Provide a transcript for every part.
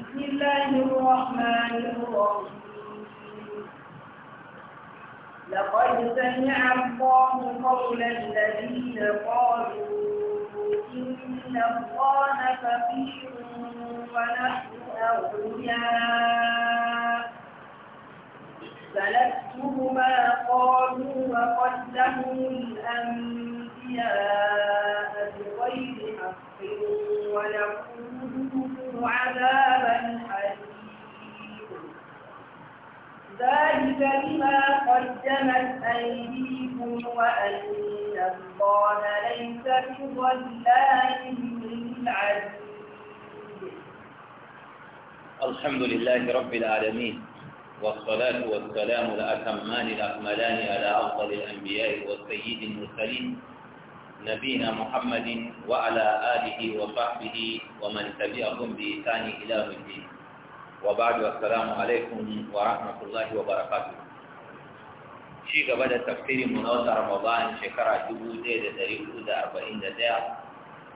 بسم الله الرحمن الرحيم لقد سمع الله قول الذين قالوا إن الله فقير ونحن أغنياء فنكتب ما قالوا وقدموا الأنبياء ولهم عذابا ذلك بما قدمت أيديكم وأن الله ليس بظلام للعبيد الحمد لله رب العالمين والصلاة والسلام الأتمان الأكملان على أفضل الأنبياء والسيد المرسلين نبينا محمد وعلى آله وصحبه ومن تبعهم بإحسان إلى يوم الدين وبعد السلام عليكم ورحمة الله وبركاته شي gaba da tafsirin munawar Ramadan shekara 1441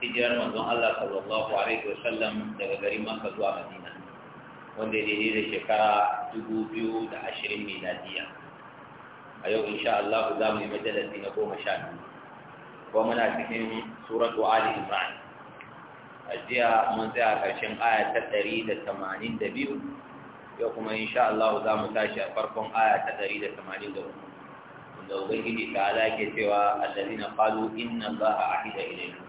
hijiran manzon Allah sallallahu alaihi wasallam daga garin Makka zuwa Madina wanda ya dai da shekara 2020 miladiya a yau insha Allah za mu yi majalisi na goma sha biyu ko muna cikin suratu ali imran a jiya mun tsaya karshen aya ta ɗari da tamanin da biyu yau kuma insha Allah za mu tashi a farkon aya ta ɗari da tamanin da uku wanda ubangiji ta ala ke cewa allazina qalu inna allaha ahida ilayna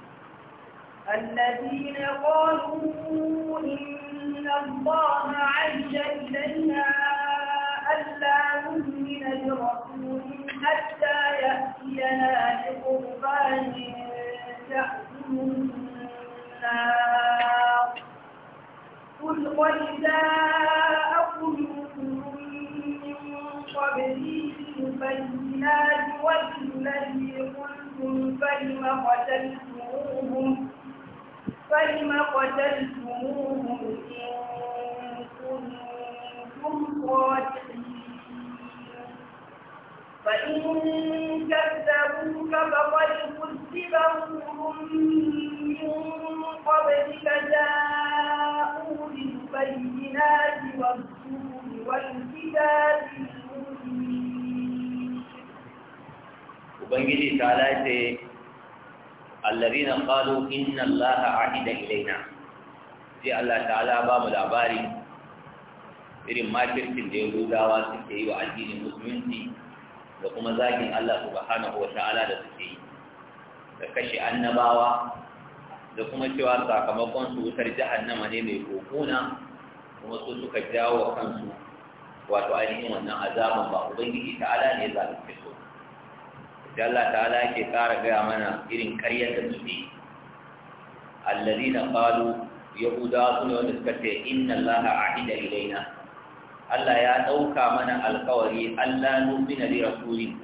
الذين قالوا إن الله وإذا أخذوا من قبله البينات والذي قلتم فلم قتلتموهم فلم قتلتموهم إن كنتم صادقين فإن كذبوك فقد كذب من قبلك جاءوا بالناس والسور والكتاب Ubangiji ta lace, Allari na ƙalo inna Allah a ahida ilaina, sai Allah ta'ala ba mu labari irin makirkin da Yahudawa suke yi wa addinin musulunci da kuma zagin Allah subhanahu wa ta'ala da suke yi, da kashe annabawa da kuma cewa sakamakon su wutar nama ne mai kokuna kuma su suka jawo kansu wato ainihin wannan azaban ba ubangiji ala ne za su fito da Allah ala ke kara gaya mana irin karyar da suke alladina qalu yahuda sun wanda suka ce inna Allah ahida ilaina Allah ya ɗauka mana alkawari Allah nu'mina li rasuli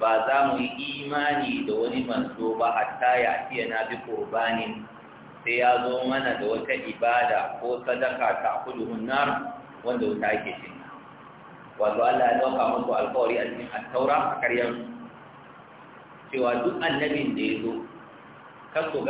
ba za mu yi imani da wani manzo ba hatta ya tiya na bi qurbanin sai ya zo mana da wata ibada ko sadaka ta kudu hunar wanda wuta ake cin wato Allah ya dauka musu alkawari a cikin attaura a karyar cewa duk annabin da ya zo kar su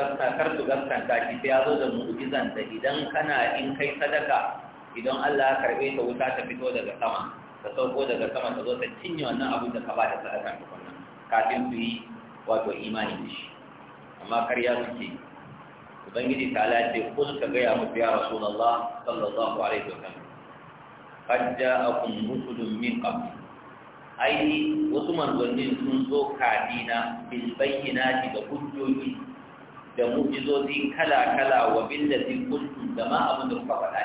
gaskanta shi sai ya zo da mu'ujizan da idan kana in kai sadaka idan Allah ya karbe ta wuta ta fito daga sama ta sauko daga sama ta zo ta cinye wannan abin da ka ba da sadaka tukunna kafin su yi wato imani da shi amma karya suke yi ubangiji ta ce, kul ka gaya mu ya rasulullah sallallahu alaihi wa sallam qad ja'akum rusulun min qabl ai wasu manzannin sun zo kadina bil bayyinati da hujjoji da mu'jizozi kala kala wa billati kuntum da ma abun da kuka faɗa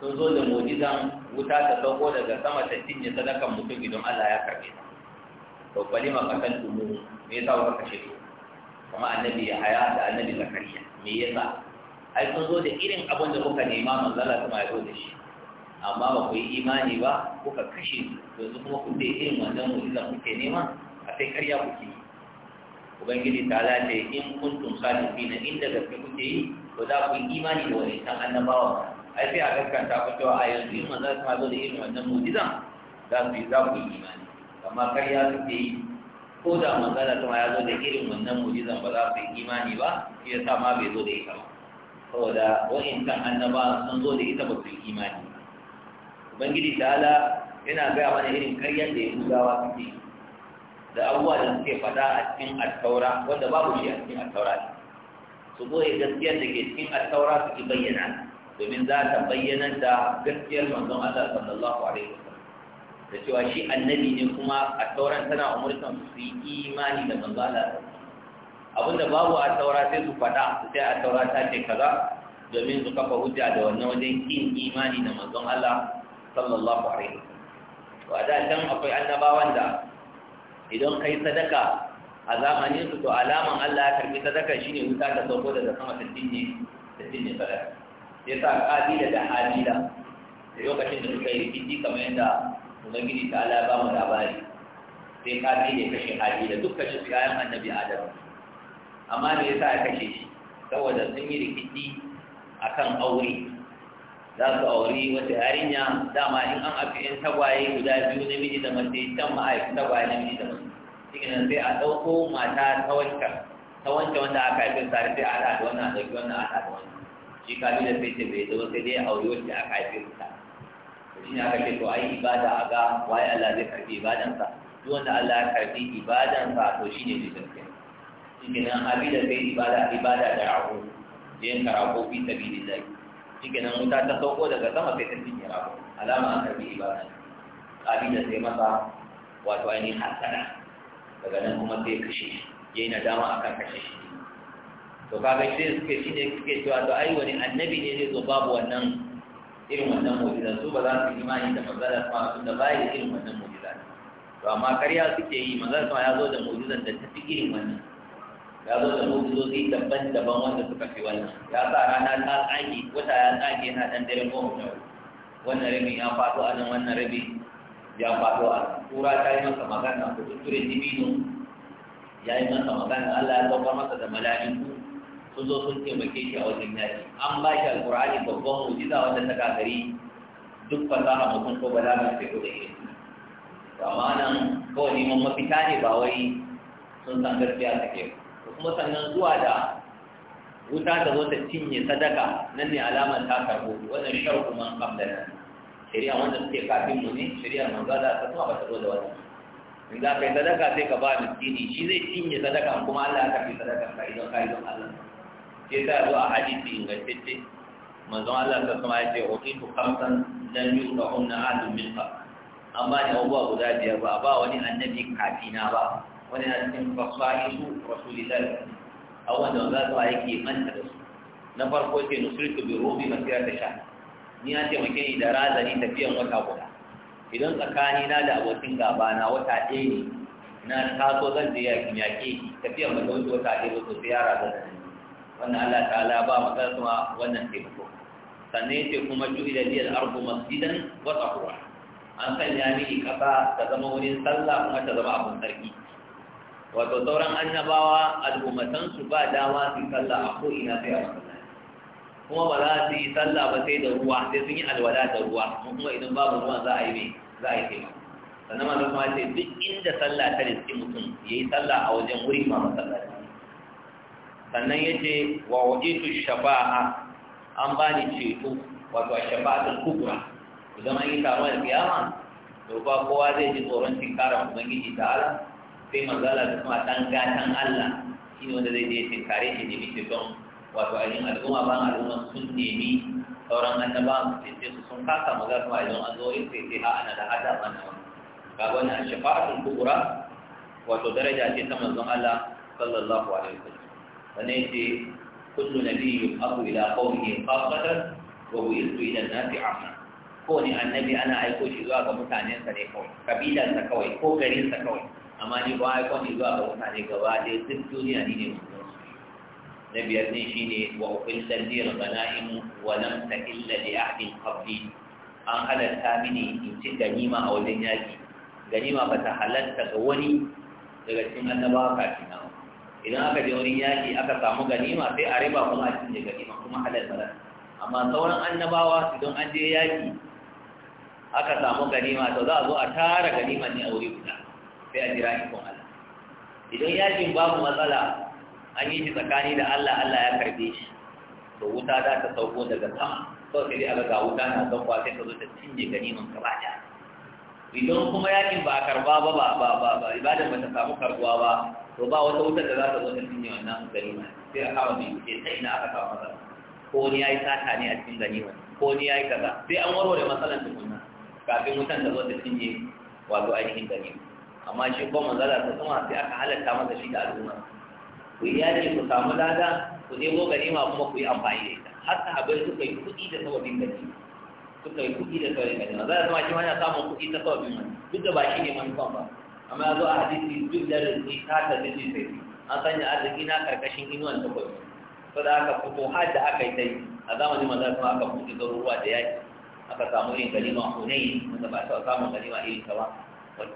sun zo da mu'jizan wuta ta dauko daga sama ta cinye sadakan mutum idan Allah ya karbe ta to kalima qataltum me yasa kuka kashe ku kuma annabi ya haya da annabi zakariya me yasa ai sun zo da irin abin da kuka nema manzala kuma ya zo da shi amma ba ku yi imani ba kuka kashe yanzu kuma ku dai irin wannan mu'jiza kuke nema a sai karya kuke yi ubangiji ta lace in kuntum sadiqina inda gaske kuke yi to za ku yi imani da wani san annabawa ai sai a gaskanta ku cewa a yanzu in manzala kuma zo da irin wannan mu'jizan za ku yi za ku yi imani amma karya suke yi ko da magana ta ya zo da irin wannan mujizan ba za su yi imani ba shi sa ma bai zo da ita ba saboda kan annaba sun zo da ita ba su yi imani ba ubangiji ta'ala yana gaya mana irin karyar da ya yahudawa suke da abubuwa da suke faɗa a cikin attaura wanda babu shi a cikin attaura ne su goye gaskiyar da ke cikin attaura su bayyana domin za ta bayyana da gaskiyar manzon Allah sallallahu alaihi wasallam da cewa shi annabi ne kuma a tauran tana umurtan su yi imani da manzo Allah abinda babu a taura sai su faɗa su sai a taura ta ce kaza domin su kafa hujja da wannan wajen kin imani da manzon Allah sallallahu alaihi wasallam to a da dan akwai annabawan da idan kai sadaka a zamanin su to alaman Allah ya karbi sadaka shine wuta ta sauko daga sama ta dinne ta dinne fara sai sa kabila da hadila da lokacin da suka yi rikici kamar yadda ubangiji ta ala ba mu labari sai ka ne kashe haji da duk kashe kayan annabi adam amma me yasa aka kashe shi saboda sun yi rikici akan aure za su auri wata yarinya dama in an afi yan tagwaye guda biyu namiji da mace can ma'aikin tagwaye namiji da mace nan sai a ɗauko mata ta wancan ta wanka wanda aka haifi sare sai a haɗa da wannan a ɗauki wannan a haɗa da wannan shi da sai ce bai zo sai dai aure wacce aka haifi ta shi ne aka ce to ai ibada a ga waye Allah zai karbi ibadansa duk wanda Allah ya karbi ibadansa to shi ne zai karbi shi ke nan abi da kai ibada ibada da rago da yin karako fi tabi da zai shi ke nan wuta ta sauko daga sama sai ta cinye rago alama an karbi ibada abi da sai masa wato ainihin hasana daga nan kuma sai kashe shi yayi nadama akan kashe shi to kaga sai suke ne suke cewa to ai wani annabi ne zai zo babu wannan irin wannan mu'jiza su ba za su imani da manzala sama tun da bai irin wannan mu'jiza to amma karya suke yi manzala sama ya zo da mu'jizan da ta fi irin wannan ya zo da mu'jizozi daban-daban wanda suka fi wannan ya sa rana ta tsage wata ya tsage yana dan dare goma sha wannan rabin ya fato a nan wannan rabin ya fato a kura ta yi masa magana ko tutture dibino ya yi masa magana Allah ya saukar masa da mala'iku sun zo sun taimake shi a wajen yaki an ba shi alkur'ani babban mujiza wanda ta kakari duk fasaha mutum ko balaga sai ko da To amma nan kawai neman mafita ne ba wai sun san gaskiya take kuma sannan zuwa da wuta ta zo ta cinye sadaka nan ne alamar ta karɓo wannan sharku man qabla shari'a wanda suke kafin mu ne shari'a manzo za ta kuma ba ta zo da wannan in za ka yi sadaka sai ka ba miskini shi zai cinye sadaka kuma Allah ya karbi sadaka ka idan ka yi don Allah ke sa zuwa nga ingantacce manzon Allah ta sama ya ce uqitu khamsan lam yusahunna adu min fa amma ni abuwa guda biyar ba ba wani annabi kafina ba wani na cikin fasahihu rasulillah abubuwan da za su yake manta da su na farko ce nusritu bi rubi masira ta sha ni na taimake ni da razani tafiyan wata guda idan tsakani na da abokin gaba na wata ɗaya ne na taso zan je ya yaƙe tafiyan mai wata ɗaya ba sosai yara zan wannan Allah ta'ala ba masa kuma wannan taimako sannan yace kuma ju'ila liyal ardu masjidan wa tahura an sanya mini kasa ta zama wurin sallah kuma ta zama abun sarki wato sauran annabawa al'ummatan su ba dama su sallah a ko'ina sai a masallaci kuma ba za su yi sallah ba sai da ruwa sai sun yi alwala da ruwa kuma idan babu ruwa za a yi mai za a yi taimako sannan ma kuma ce duk inda sallah ta riski mutum ya yi sallah a wajen wuri ma masallaci sannan ya ce wa wajitu shafa'a an ba ni ceto wato a shafa'atul kubra idan an yi taron alkiyama to ba kowa zai ji tsoron tinkarar ubangiji ta'ala sai manzala da kuma dan gatan Allah shi ne wanda zai je tinkare shi nemi ceton wato ainihin al'umma ba al'umma sun nemi sauran annaba su ce su sun kasa maza ma idan an zo yin sai sai ha ana da hada mana wani ga wannan shafa'atul kubra wato daraja ce ta manzon Allah sallallahu alaihi wasallam sannan yace kullu nabiyyu abu ila qaumihi khafatan wa bu'ithu ila an-nasi 'amma kowane annabi ana aiko shi zuwa ga mutanensa ne kawai kabilansa kawai ko garinsa kawai amma ni ba aiko ne zuwa ga mutane gaba ɗaya duk duniya ni ne musulunci na ne ta illa an halatta mini in ci ganima a wajen yaƙi ganima ba ta halatta ga wani daga cikin annabawa kafin nawa idan aka je wurin yaƙi aka samu ganima sai a riba kuma a cinye ganima kuma halal halal amma sauran annabawa idan an je yaƙi aka samu ganima to za a zo a tara ganima ne a wuri guda sai a jira ikon Allah idan yaƙin babu matsala an yi shi tsakani da Allah Allah ya karbe shi to wuta za ta sauko daga sama kawai sai dai a ga wuta na saukowa sai ta zo ta cinye ganiman gaba ɗaya idan kuma yakin ba a karba ba ba ba ba ba ibadan ba ta samu karbuwa ba to ba wata wutar da za ta zo ta cinye wannan ganima sai a kama mai ce ta ina aka samu matsala ko ni yayi sata ne a cikin ganima ko ni yayi kaza sai an warware matsalan tukunna kafin wutan da zo ta cinye wato ainihin ganima amma shi ko manzala ta kuma sai aka halatta masa shi da al'umma ku yi yaji ku samu lada ku nemo ganima kuma ku yi amfani da ita har sahabbai suka yi kuɗi da sababin ganima suka yi kuɗi da sauran ganima za a zama shi yana samun kuɗi ta kawai man duk da ba shi ne manufan ba amma ya zo a hadisi duk da rizki ta ta zai sai an sanya arziki na karkashin inuwan ta kawai to da aka fito har da aka yi ta yi a zamanin maza kuma aka fito garuruwa da yaki aka samu irin ganima hunayi wanda ba ta samun ganima irin ta ba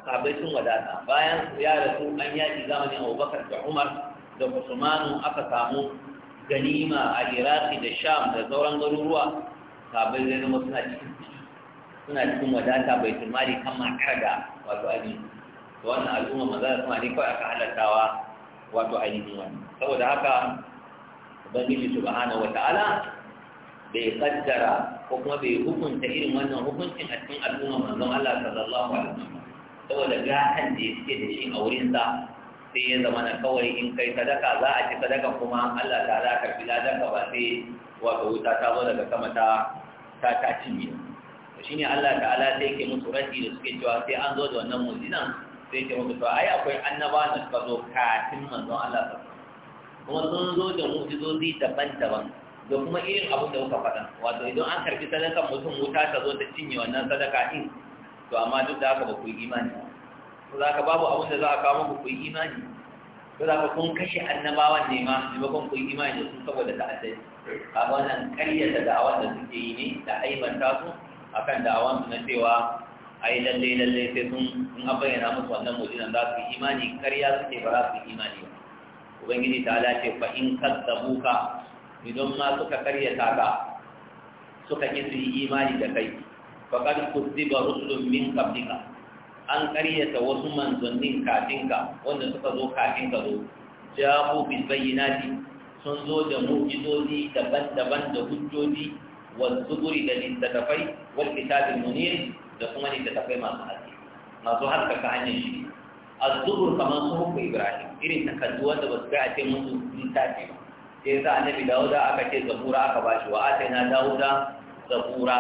sahabai sun wadata bayan ya rasu an yaki zamanin abubakar da umar da usmanu aka samu ganima a iraki da sham da sauran garuruwa sabai zai zama suna cikin suna cikin wadata bai tumari kama kar da wato ainihin wannan al'umma maza da kuma ne kawai aka halattawa wato ainihin wani saboda haka ubangiji subhanahu ta'ala bai kaddara ko kuma bai hukunta irin wannan hukuncin a cikin al'umma manzon Allah sallallahu alaihi wasallam saboda gatan da yake da shi a wurin sa sai ya zama na kawai in kai sadaka za a ci sadaka kuma Allah ta za ka fi ladaka ba sai wato wuta ta zo daga sama ta ta ta cinye shi ne Allah ta'ala sai ke musu rashi da suke cewa sai an zo da wannan mujizan sai ke musu ai akwai annaba da suka zo kafin manzon Allah ta kuma sun zo da mujizozi daban-daban da kuma irin abin da kuka faɗa wato idan an karɓi sadakan mutum wuta ta zo ta cinye wannan sadaka din to amma duk da haka ba ku yi imani to za ka babu abin da za a kawo muku ku yi imani Ko za ka kun kashe annabawan ne ma maimakon ku yi imani da su saboda ta'addai a wannan karyata da'awa da suke yi ne da aibanta su kan da'awan su na cewa a yi lalle lalle sai sun in bayyana musu wannan mujinan za su yi imani karya suke ba za su yi imani ba ubangiji ta ala ce fa in buka, idan ma suka karyata ka suka ki su yi imani da kai faqad kuzziba rusulun min ka. an karyata wasu manzannin kafinka wanda suka zo kafinka zo jabu bil bayyinati sun zo da mu'jizozi daban-daban da hujjoji wal zuburi da littattafai wal kitabin munir da kuma littattafai masu haske masu haskaka hanyar shi az-zubur kamar su hukku ibrahim irin takardu wanda ba su ga a ce musu littafi ba sai sa annabi dawuda aka ce zabura aka bashi wa atayna dawuda zabura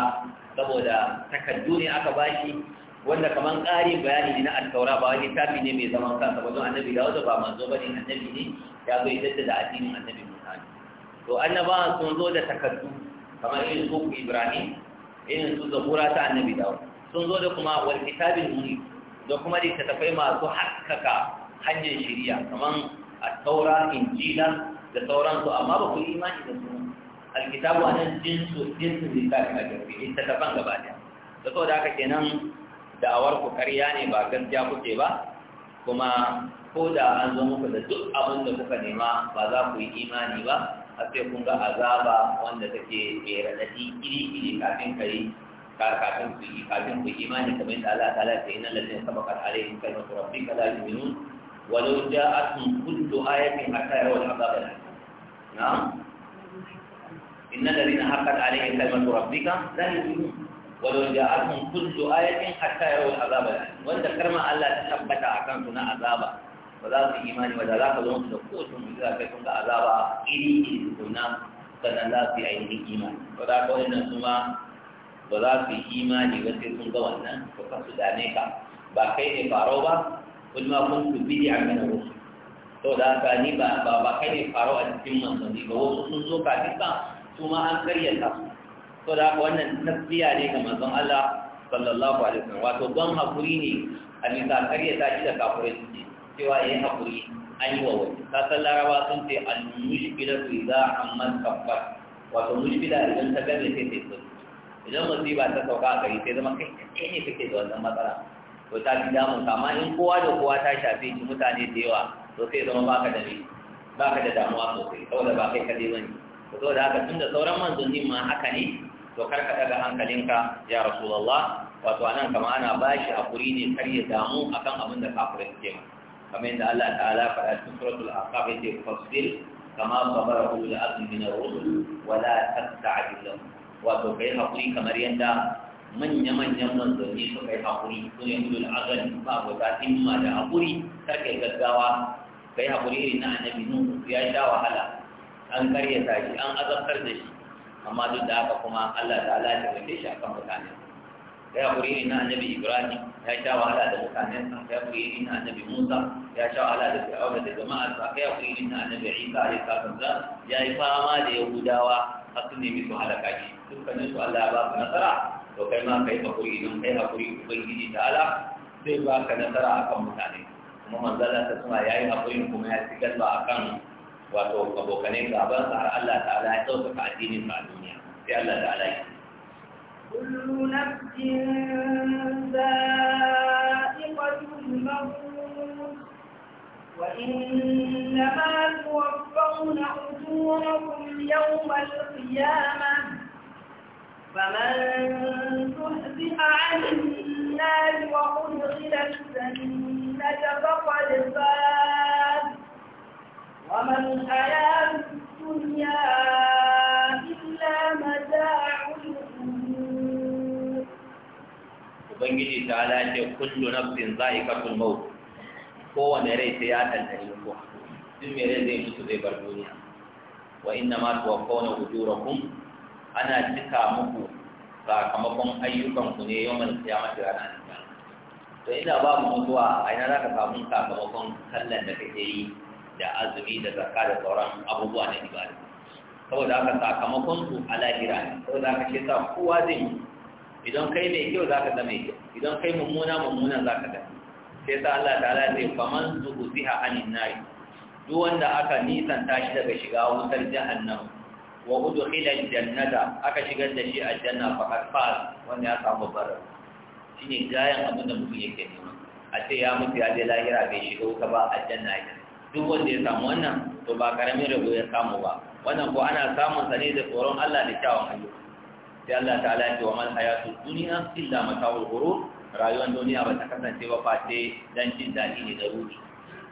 saboda takardu ne aka bashi wanda kamar ƙari bayani ne na alkaura ba wani tafi ne mai zaman kansa ba don annabi da wanda ba manzo ba ne annabi ne ya zo ita da addinin annabi to annaba sun zo da takaddu kamar irin su ibrahim irin su zabura ta annabi dawo sun zo da kuma wal kitabin muni da kuma littattafai masu haskaka hanyar shari'a kamar at-taura injila da sauransu amma ba ku imani da su alkitabu anan jinsu jinsu kaje a jirgi littattafan gaba ɗaya da saboda haka kenan da'awar ku karya ne ba gaskiya kuke ba kuma ko da an zo muku da duk abin da kuka nema ba za ku yi imani ba a sai kun ga azaba wanda take mai raɗaɗi iri iri kafin kai kafin ku yi kafin ku imani kamar yadda Allah ta'ala ta inna ladzina sabaqat alaihim kalimatu rabbika la yu'minun walau ja'atuhum kullu ayatin hatta yarawul azab al na'am inna ladzina haqqat alaihim kalimatu rabbika la yu'minun walau ja'atuhum kullu ayatin hatta yarawul azab al wanda karma Allah ta tabbata a su na azaba ba za su imani ba da za ka zo da kowace mu'jiza kai kun ga azaba iri iri tukunna sannan za su yi ainihin imani ba za ka wannan su ma ba za su yi imani ba sai sun ga wannan to ka su dame ka ba kai ne farau ba kun ma kun su bidi a mana wasu to da haka ni ba ba kai ne farau a cikin manzanni ba wasu sun zo kafin ba su ma an karyata su to da haka wannan tasbiya ne ga manzon Allah sallallahu alaihi wasallam wato don hakuri ne a bisa karyata shi da kafirai suke cewa ya yi haƙuri an yi wa wani kasan laraba sun ce al-mushkila su za a man kafar wato mushkila idan ta gane sai sai sun idan musiba ta sauka a gari sai zama kai kaɗai ne kake da wannan matsala to ta fi damun amma in kowa da kowa ta shafe shi mutane da yawa to sai zama baka da ne baka da damuwa sosai saboda ba kai kaɗai bane to saboda haka tun da sauran manzannin ma haka ne to kar ka daga hankalinka ya rasulullah wato anan kama ana bashi hakuri ne kar ya damu akan abin da kafirai suke ma. kamar yadda Allah ta'ala faɗa cikin suratul ahqaf yace fasbir kama sabara ulul azmi min ar-rusul wa la tasta'jil lahum wato kai hakuri kamar yadda manya-manyan manzanni su kai hakuri su ne ulul azmi ba ko ta himma da hakuri karka gaggawa kai hakuri irin na annabi nuhu ya sha wahala an karyata shi an azabtar da shi amma duk da haka kuma Allah ta'ala ya taimake shi akan mutane. ya kuri irin na annabi ibrahim ya sha wahala da mutanensa ya kuri na annabi musa ya sha wahala da fir'auna da jama'arsa ya kuri na annabi isa alayhi salatu ya yi fama da yahudawa har su nemi su halaka shi dukkanin su Allah ba su nasara to kai ma kai hakuri don kai hakuri ubangiji ta ta'ala zai ba ka nasara a kan mutane kuma manzala ta suna ya yi haƙurin kuma ya ci galba a kan wato abokanai sa har Allah ta ta'ala ya sauka addinin sa a duniya sai Allah ta'ala ya كل نفس ذائقة الموت وإنما توفون أجوركم يوم القيامة فمن تهزئ عن النار وأدخل الجنة فقد فاز وما الحياة الدنيا إلا متاع ubangiji ta ala ce kullu nafsin za'iqatul maut kowane rai sai ya tantare ko. duk mai rai zai mutu zai bar duniya wa inna ma tuwaffawna ujurakum ana cika muku sakamakon ayyukan ku ne yawan kiyamata ranar kiyama to ina babu mutuwa a ina za ka samu sakamakon sallan da kake yi da azumi da zakka da sauran abubuwa na ibada saboda haka sakamakon su a lahira ne saboda haka shi sa kowa zai mutu idan kai mai kyau za ka ga mai kyau idan kai mummuna mummuna za ka ga sai sa Allah ta'ala ce faman zuhuziha anin nari duk wanda aka nisanta shi daga shiga wutar jahannam wa udkhila jannata aka shigar da shi aljanna faqad faz wanda ya samu barar shine gayan abin da mutum yake nema a ce ya mutu ya je lahira bai shiga wuta ba aljanna ya duk wanda ya samu wannan to ba karamin rabo ya samu ba wannan ko ana samun sa ne da tsoron Allah da kyawun ayyuka sai Allah ta'ala ya ce wa mal hayatu dunya illa mata'ul ghurur rayuwar duniya ba ta kasance ba face dan jin daɗi ne da ruɗi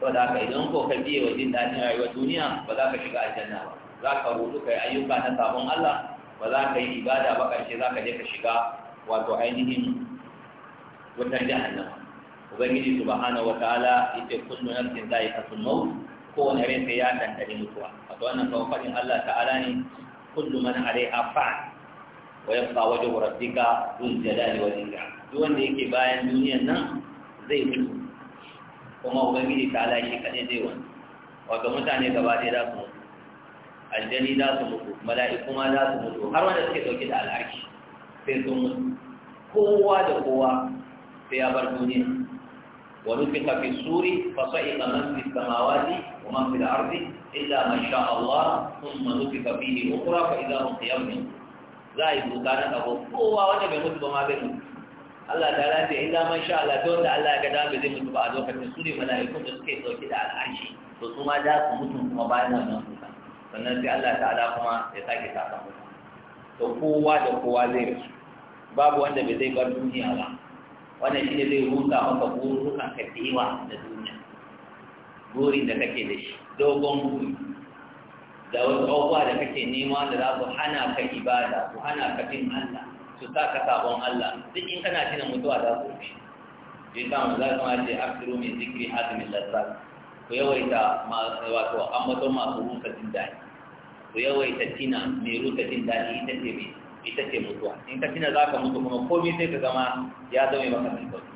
to da haka idan ko ka biye wa jin daɗin rayuwar duniya ba za ka shiga aljanna ba za ka rudu kai ayyuka na sabon Allah ba za ka yi ibada ba ƙarshe za ka je ka shiga wato ainihin wutar jahannama ubangiji subhanahu wataala yace kullu nafsin za'iqatul maut kowane rai sai ya dandane mutuwa wato wannan kawai fadin Allah ta'ala ne kullu man alaiha wa yabqa wajhu rabbika dhul jalali wal ikram duk wanda yake bayan duniyan nan zai mutu kuma ubangiji ta ala shi kadai zai wani wato mutane gaba ɗaya za su mutu aljani za su mutu mala'iku ma za su mutu har wanda suke dauke da al'arki sai sun mutu kowa da kowa sai ya bar duniya wa nufika fi suri fa sa'iqa man fi samawati wa man fi al-ardi illa man sha Allah thumma nufika fihi ukhra fa idha hum qiyamun za a yi doka na ko kowa wanda bai mutu ba ma bai mutu Allah ta lafi da man sha Allah ta wanda Allah ya ga dama zai mutu ba a lokacin su ne mala'ikun da suke dauke da al'arshi to su ma za su mutu kuma bayan wannan kuka sannan sai Allah ta'ala kuma ya sake ka mutu to kowa da kowa zai rasu babu wanda bai zai bar duniya ba wannan ne zai rusa maka burukan ka da yawa da duniya burin da kake da shi dogon buri da wasu abubuwa da kake nema da za su hana ka ibada su hana ka bin Allah su sa ka sabon Allah duk in kana tunan mutuwa za su rufe shi sa mu za su ma ce aksiru min zikri azumin lazzat ku yawaita wato ambaton masu rusa jin daɗi ku yawaita tina mai rusa jin daɗi ita ce mai ita ce mutuwa in ka tina za ka mutu kuma komai sai ka zama ya zama maka mai sauki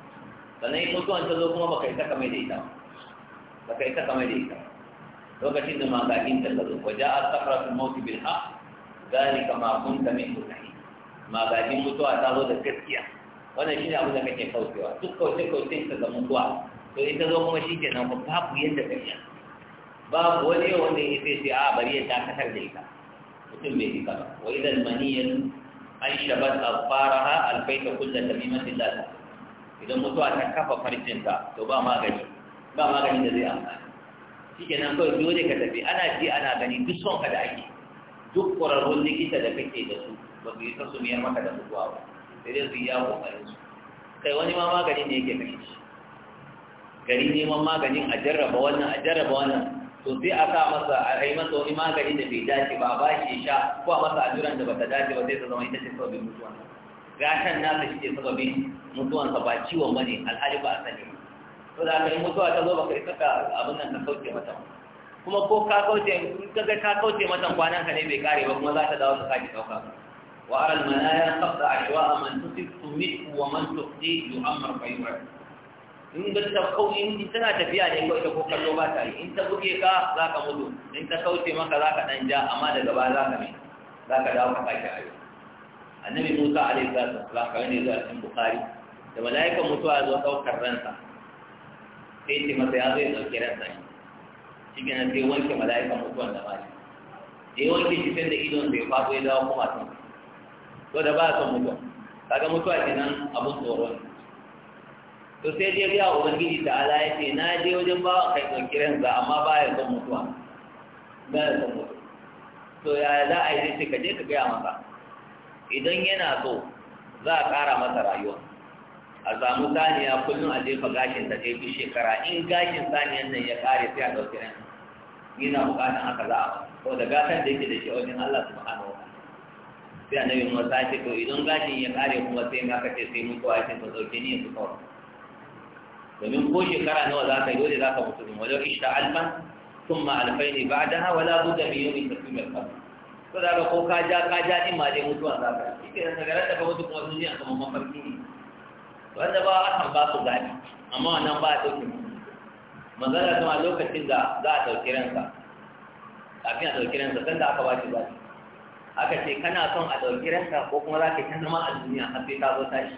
sannan in mutuwan ta zo kuma baka isa ka da ita baka isa ka da ita lokacin da makakin ta zo wa ja'a sakratul maut bil haqq zalika ma kunta min mutahi makakin mutuwa ta zo da gaskiya wannan ne abin da kake kaucewa duk kauce kauce ka ga mutuwa to in ta zo kuma shi shikenan ba babu yadda ka yi babu wani yau wanda ya ce sai a bari ya dakatar da ita mutum bai hika ba wa idan maniyan an shabat alfaraha alfaita kulla tamimatin lata idan mutuwa ta kafa farcinta to ba magani ba magani da zai amfani shike nan kawai dole ka tafi ana ji ana gani duk son ka da ake duk ƙwararrun likita da kake da su ba su yi ta su miyar maka da mutuwa ba sai dai su yi yawo ƙoƙarin su kai wani ma maganin ne yake kashe shi gari neman maganin a jarraba wannan a jarraba wannan to sai a sa masa a rai masa wani magani da bai dace ba ba shi sha ko a masa ajuran da bata dace ba sai ta zama ita ce sababin mutuwan gashan nasa shi ke sababin mutuwansa ba ciwon bane alhali ba a sani ba ko da kai mutuwa ta zo baka isa ka abin nan ta kauce mata kuma ko ka kauce in ka ga ka kauce mata kwanan ka ne bai kare ba kuma za ta dawo ta sake dauka wa aral manaya qabda ashwa man tusib tumit wa man tuqi yu'amar fa yu'ar in ga ta kau in tana tafiya ne ko ita ko kallo ba ta yi in ta buge ka za ka mutu in ta kauce maka za ka dan ja amma daga baya za ka mai za ka dawo ka sake ayo annabi musa alaihi salatu wasalam kamar ne zuwa cikin bukhari da mala'ikan mutuwa zo ɗaukar ransa sai ce masa ya zo ya ɗauki ransa shi ke nan sai wanke mala'ikan mutuwan da mali da ya wanke shi da idon bai faɗo ya dawo kuma sun to da ba son mutuwa kaga mutuwa ke nan abun tsoro ne to sai dai-dai ga ubangiji ta ala ya ce na je wajen ba a kai ɗauki ransa amma ba ya son mutuwa ba ya son mutuwa to ya za a yi sai ka je ka gaya masa idan yana so za a ƙara masa rayuwa a samu saniya kullum a jefa gashin ta jefi shekara in gashin saniyan nan ya kare sai a ɗauki ran yana buƙatar haka za a ko da gatar da yake da shi wajen Allah subhanahu wa ta'ala sai annabi mu ta ce to idan gashin ya kare kuma sai in aka ce sai mun kowa sai ce ɗauki ni su kawai domin ko shekara nawa za ka yi dole za ka mutu ɗin wajen ishta alfan ثم ألفين بعدها ولا بد من يوم تقيم القبر to da ko ka ja ka ja din ma dai mutuwa za ka yi kenan daga ran da ka mutu kuma duniya kamar mafarki wanda ba akan ba su zaɓi amma wannan ba a ɗauki manzara kuma lokacin da za a ɗauki ransa kafin a ɗauki ransa san da aka ba shi zaɓi aka ce kana son a ɗauki ransa ko kuma za ka ta zama a duniya a sai ta zo tashi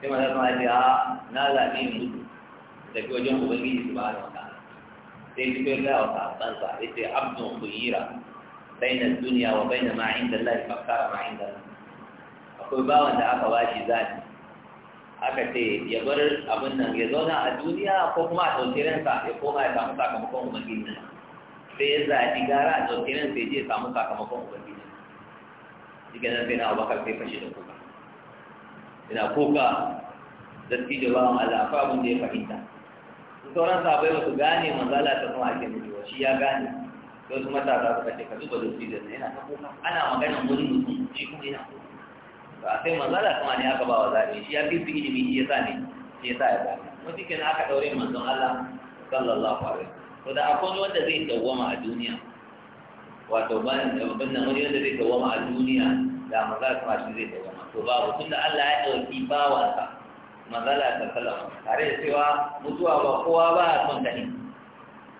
sai manzara kuma ya ce a na zaɓi in mutu tafi wajen ubangiji su ba da wata sai su kai gaya wa sahabbansa ya ce abdun kuyira bainar duniya wa bainar ma'in da lai fakara ma'in da akwai bawan da aka ba shi zaɓi aka ce ya bar abin nan ya zauna a duniya ko kuma a ɗauki ya koma ya samu sakamakon ubangiji sai ya zaɓi gara a ɗauki sai ya je ya samu sakamakon ubangiji shi nan sai na abubakar sai fashe da kuka ina kuka da ba a lafa abin da ya fahimta sauran sabai bai su gane manzala ta kuma ake wa shi ya gane wasu matasa suka ce ka duba da na yana ta kuka ana maganin wani mutum shi kuma yana kuka to a kai manzo kuma ne aka ba wa zabi shi ya fi fi ilimi shi yasa ne shi yasa ya ba. mu shi kenan aka daure manzon Allah sallallahu alaihi wasallam to da akwai wanda zai dawwama a duniya wato ban ban nan wani wanda zai dawwama a duniya da maza Allah kuma shi zai dawwama to babu tunda Allah ya dauki bawansa Maza Allah sallallahu alaihi tare da cewa mutuwa ba kowa ba a son gani. ne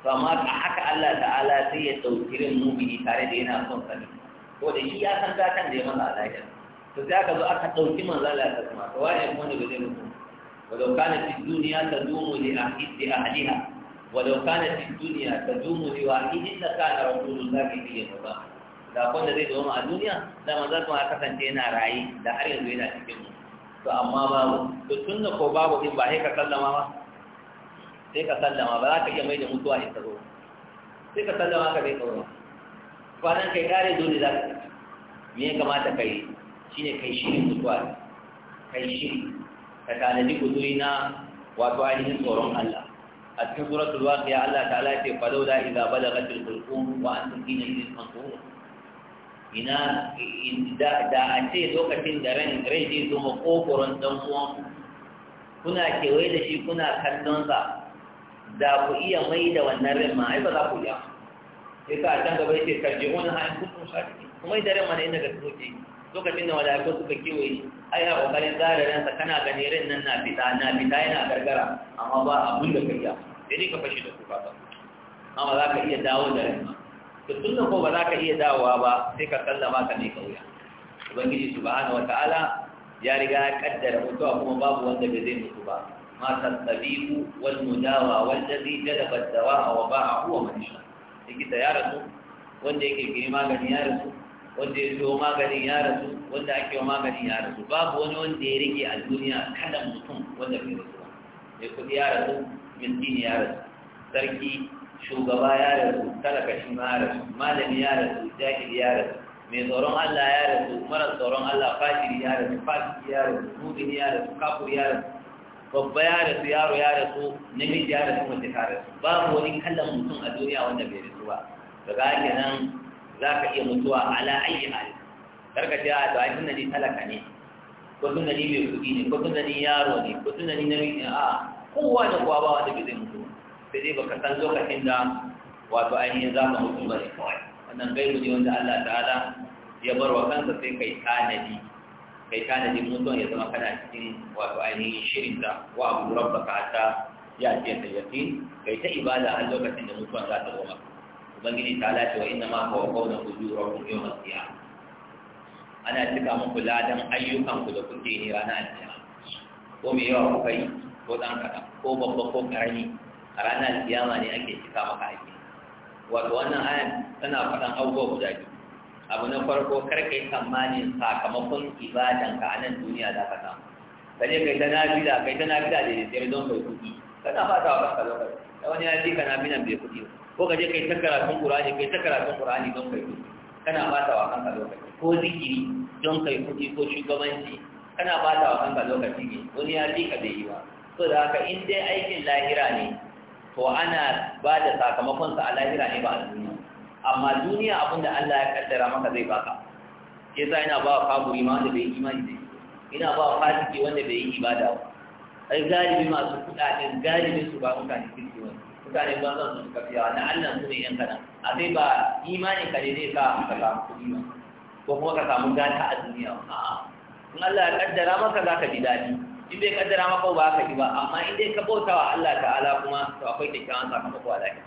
to amma a haka Allah ta'ala sai ya dauki rin mumini tare da yana son gani. ne ko da shi ya san gatan da ya masa a lahiyar to sai aka zo aka ɗauki manzala lafiya kuma to waye wani ba zai mutu ولو كانت الدنيا تدوم لأهلها ولو كانت الدنيا تدوم لواحد za رسول الله في ba da wanda zai zama a duniya da manzan kuma kasance yana rayu da har yanzu yana cikin mu to amma babu to tun da ko babu din ba sai ka sallama ba sai ka sallama ba za ka iya mai da mutuwa in ka zo sai ka sallama ka bai tsoro kwanan kai kare dole za ka me ya kamata ka yi shine kai shirin mutuwa kai shiri ka tanadi guduri na wato ainihin tsoron Allah a cikin suratul waqiya Allah ta'ala ce fa laula idza balagatil qulqum wa antum fi najmin mansurun ina da da a ce lokacin da ran rai zai zo makokoron dan uwan kuna kewaye da shi kuna kallon sa da ku iya mai da wannan ran ma ai ba za ku iya sai ka can gaba yake tarji'un an kuntum sadiqin kuma idan ran mana inda ga soke lokacin da mala'iku suka kiwaye ai a kokarin zara ransa kana gani rin nan na fita na fita yana gargara amma ba abun da kariya sai dai ka fashe da kuka ba amma za ka iya dawo da ma to tun da ko ba za ka iya dawowa ba sai ka sallama ka ne kauya ubangiji subhanahu wataala ya riga ya kaddara mutuwa kuma babu wanda bai zai mutu ba ma tasabibu wal mudawa wal ladhi jalaba ad-dawa wa ba'ahu wa man sha likita ya rasu wanda yake girma gani ya rasu wanda ya siyo maganin ya rasu wanda ake wa maganin ya rasu babu wani wanda ya rike a duniya kada mutum wanda bai rasu ba mai kuɗi ya rasu miskini ya rasu sarki shugaba ya rasu talaka shi ma ya rasu malami ya rasu jahili ya rasu mai tsoron Allah ya rasu mara tsoron Allah fashiri ya rasu fashiri ya rasu mubini ya rasu kafur ya rasu babba ya rasu yaro ya rasu namiji ya rasu mace ta rasu babu wani kallon mutum a duniya wanda bai rasu ba daga ake nan za ka iya mutuwa ala ayi hali karka ce a da tun da talaka ne ko tun da ni mai kuɗi ne ko tun da ni yaro ne ko tun da ni namiji a kowa da kowa ba wanda bai zai mutu sai dai baka san lokacin da wato ainihin za ka mutu ba ne kawai wannan gairu ne wanda Allah ta'ala ya bar wa kansa sai kai tanadi kai tanadi mutuwan ya zama kana cikin wato ainihin shirin da wa abu rabbaka hatta ya ce ta yakin kai ta ibada a lokacin da mutuwa za ta zo maka ubangiji ta lati wa inna ma ka wa kauna ku jura ku yau na siya ana cika muku ladan ayyukan ku da kuke yi a siya ko mai yawa ko kai, ko ɗan kada ko babba ko ƙarami a ranar ma ne ake cika maka aiki wato wannan ayan tana faɗan abubuwa guda biyu abu na farko karka yi tsammanin sakamakon ibadanka a nan duniya za ka samu kaje kai ta nafila kai ta nafila da daidai don kai kuɗi kana ta wa kanka lokaci da wani ya ji ka nan bai kuɗi ba ko ka je kai ta karatun qur'ani kai ta karatun qur'ani don kai kuɗi kana bata wa kanka lokaci ko zikiri don kai kuɗi ko shugabanci kana bata wa kanka lokaci ne wani ya fi ka bai yi ba so da haka in dai aikin lahira ne to ana ba da sakamakon sa a lahira ne ba a duniya amma duniya abinda Allah ya kaddara maka zai baka ke sa ina ba kaburi ma wanda bai yi imani da ina ba fasiki wanda bai yi ibada ba ai galibi masu kuɗaɗen galibin su ba mutane kirki mutane ba zan su suka da Allah su ne kana a ba imanin ka ne ka ka samu kuɗi ba ko kuma ka samu gata a duniya ba in Allah ya kaddara maka za ka ji daɗi in bai kaddara maka ba ka ji ba amma in dai ka bauta wa Allah ta'ala kuma to akwai kyakkyawan sakamako a lahira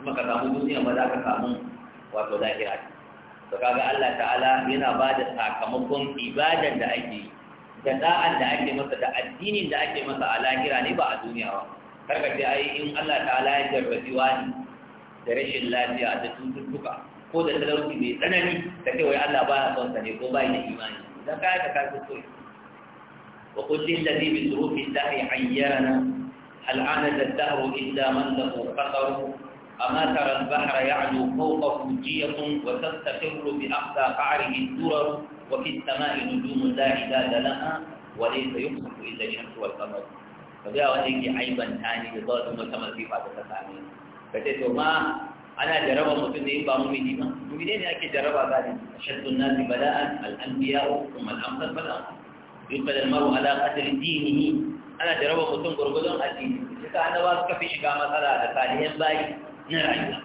kuma ka samu duniya ba za ka samu wato lahira to kaga Allah ta'ala yana ba da sakamakon ibadan da ake yi da da'an da ake masa da addinin da ake masa a lahira ne ba a duniya ba karka ce ai in Allah ta'ala ya jarrabi wani da rashin lafiya da cututtuka ko da talauci mai tsanani da kai wai Allah ba ya son sa ne ko ba ya imani da kai ka karbi so wa qul lil ladhi bi dhurufi dahi hayyana hal ana ad-dahru illa man lahu qatar أما ترى البحر يعلو فوقه جية وتستقر بأقصى قعره الدرر وفي السماء نجوم لا عداد لها وليس يمسك إلا الشمس والقمر ka ga wanda yake aibanta ni da zuwa wata masifa da ta same ni ka ce to ma ana jaraba mutum ne ba mumini ba mumini ne ake jaraba gani shaddun nasi bala'an al'anbiya'u kuma al'amsar bala'an yubal al-maru ala qadri dinihi ana jaraba mutum gurgudun addini duka annaba suka fi shiga matsala da salihan bayi na rayuwa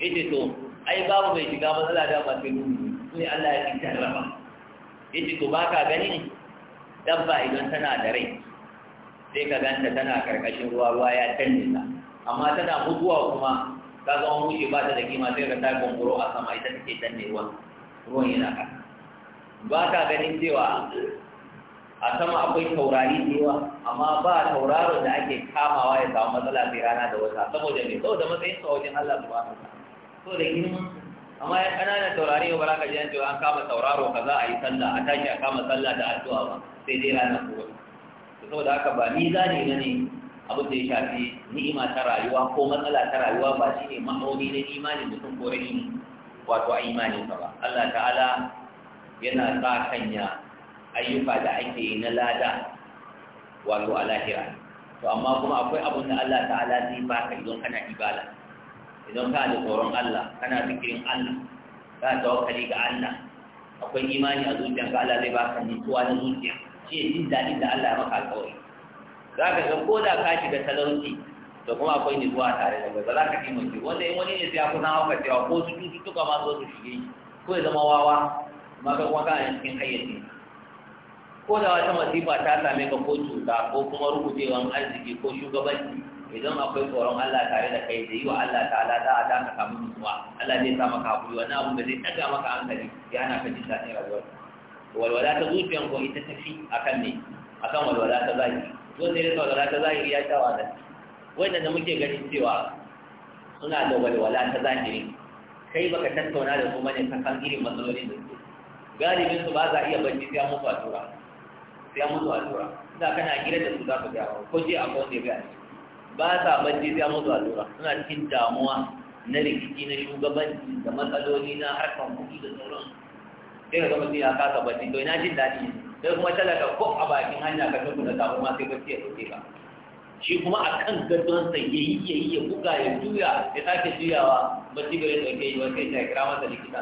ce to ai babu mai shiga matsala da masu nuni sai Allah ya Ya ce to ba ka gani dabba idan tana da rai sai ka ganta tana karkashin ruwa ruwa ya canje ta amma tana mutuwa kuma ka ga an wuce ba ta da kima sai ka ta gongoro a sama ita take danne ruwa. ruwan yana ƙasa ba ka ganin cewa a sama akwai taurari da yawa amma ba tauraron da ake kamawa ya samu matsala sai rana da wata saboda me saboda matsayin sa wajen Allah subhanahu wa ta'ala saboda girman amma ya ƙananan taurari ba za ka ji an cewa an kama tauraro kaza a yi sallah a tashi a kama sallah da addu'a ba sai dai rana ko saboda haka ba ni za na ne abin da ya shafi ni'ima ta rayuwa ko matsala ta rayuwa ba shi ne ma'auni na imanin mutum ko rashin wato a imanin ba Allah ta'ala yana sa kanya ayyuka da ake yi na lada wato a lahira to amma kuma akwai abin da Allah ta'ala zai baka idan kana ibada idan ka da tsoron Allah kana fikirin Allah ka tawakkali ga Allah akwai imani a zuciyanka Allah zai baka nutsuwa na zuciya shi jin daɗin da Allah ya maka alƙawari za ka ga ko da ka shiga talauci da kuma akwai zuwa tare da ba za ka kimanci wanda in wani ne sai ya na hauka cewa ko su tuka ma zo su shige shi ko ya zama wawa ma ga kuma kana cikin hayyaci ko da wata masifa ta same ka ko cuta ko kuma rubutewan arziki ko shugabanci idan akwai tsoron Allah tare da kai da yi wa Allah ta'ala za a ta ka samu nutsuwa Allah zai sa maka hakuri wannan abin da zai ɗaga maka hankali ya na ka jin daɗin rayuwarka walwala ta zuciyan ko ita ta tafi akan ne akan walwala ta zahiri wanda ya walwala ta zahiri ya sha wahala wanda da muke ganin cewa suna da walwala ta zahiri kai baka tattauna da su ne kan irin matsalolin da suke galibin su ba za a iya bacci sai mutu a tura sai mutu a tura da kana gida da su za ku dawo ko je akwai wanda ya gaya ba sa bacci sai mutu a tura suna cikin damuwa na rikici na shugabanci da matsaloli na harkar kuɗi da sauransu sai ka zama mutum ya kasa bacci to ina jin daɗi sai kuma talaka ko a bakin hanya ka tafi da samu ma sai bacci ya ɗauke ka shi kuma a kan gadonsa ya yi ya yi ya buga ya juya ya sake juyawa bacci bai ɗauke yi wani sai ya kira masa sa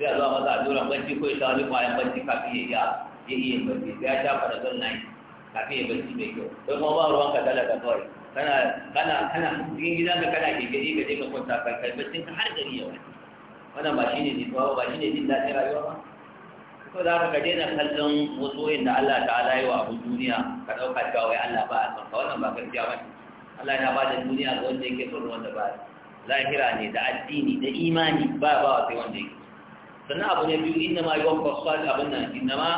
sai a zuwa masa a jura bacci ko ya sha kwayan bacci kafin ya iya iya bacci sai ya shafa fara zan yi kafin ya bacci mai kyau sai kuma ba ruwan ka talaka kawai kana kana kana cikin ka kana gari ka je ka kwanta kai kai baccin ka har gari ya wani wannan ba shine ne ba shine jin daɗin rayuwa ba to da ka daina kallon wasu inda Allah ta'ala yi wa abin duniya ka ɗauka cewa wai Allah ba a san ka wannan ba gaskiya ba Allah ya ba da duniya ga wanda yake son wanda ba Zahira ne da addini da imani ba ba wa sai wanda yake sannan abu ne biyu inna ma yuwaffa sadi abin nan inna ma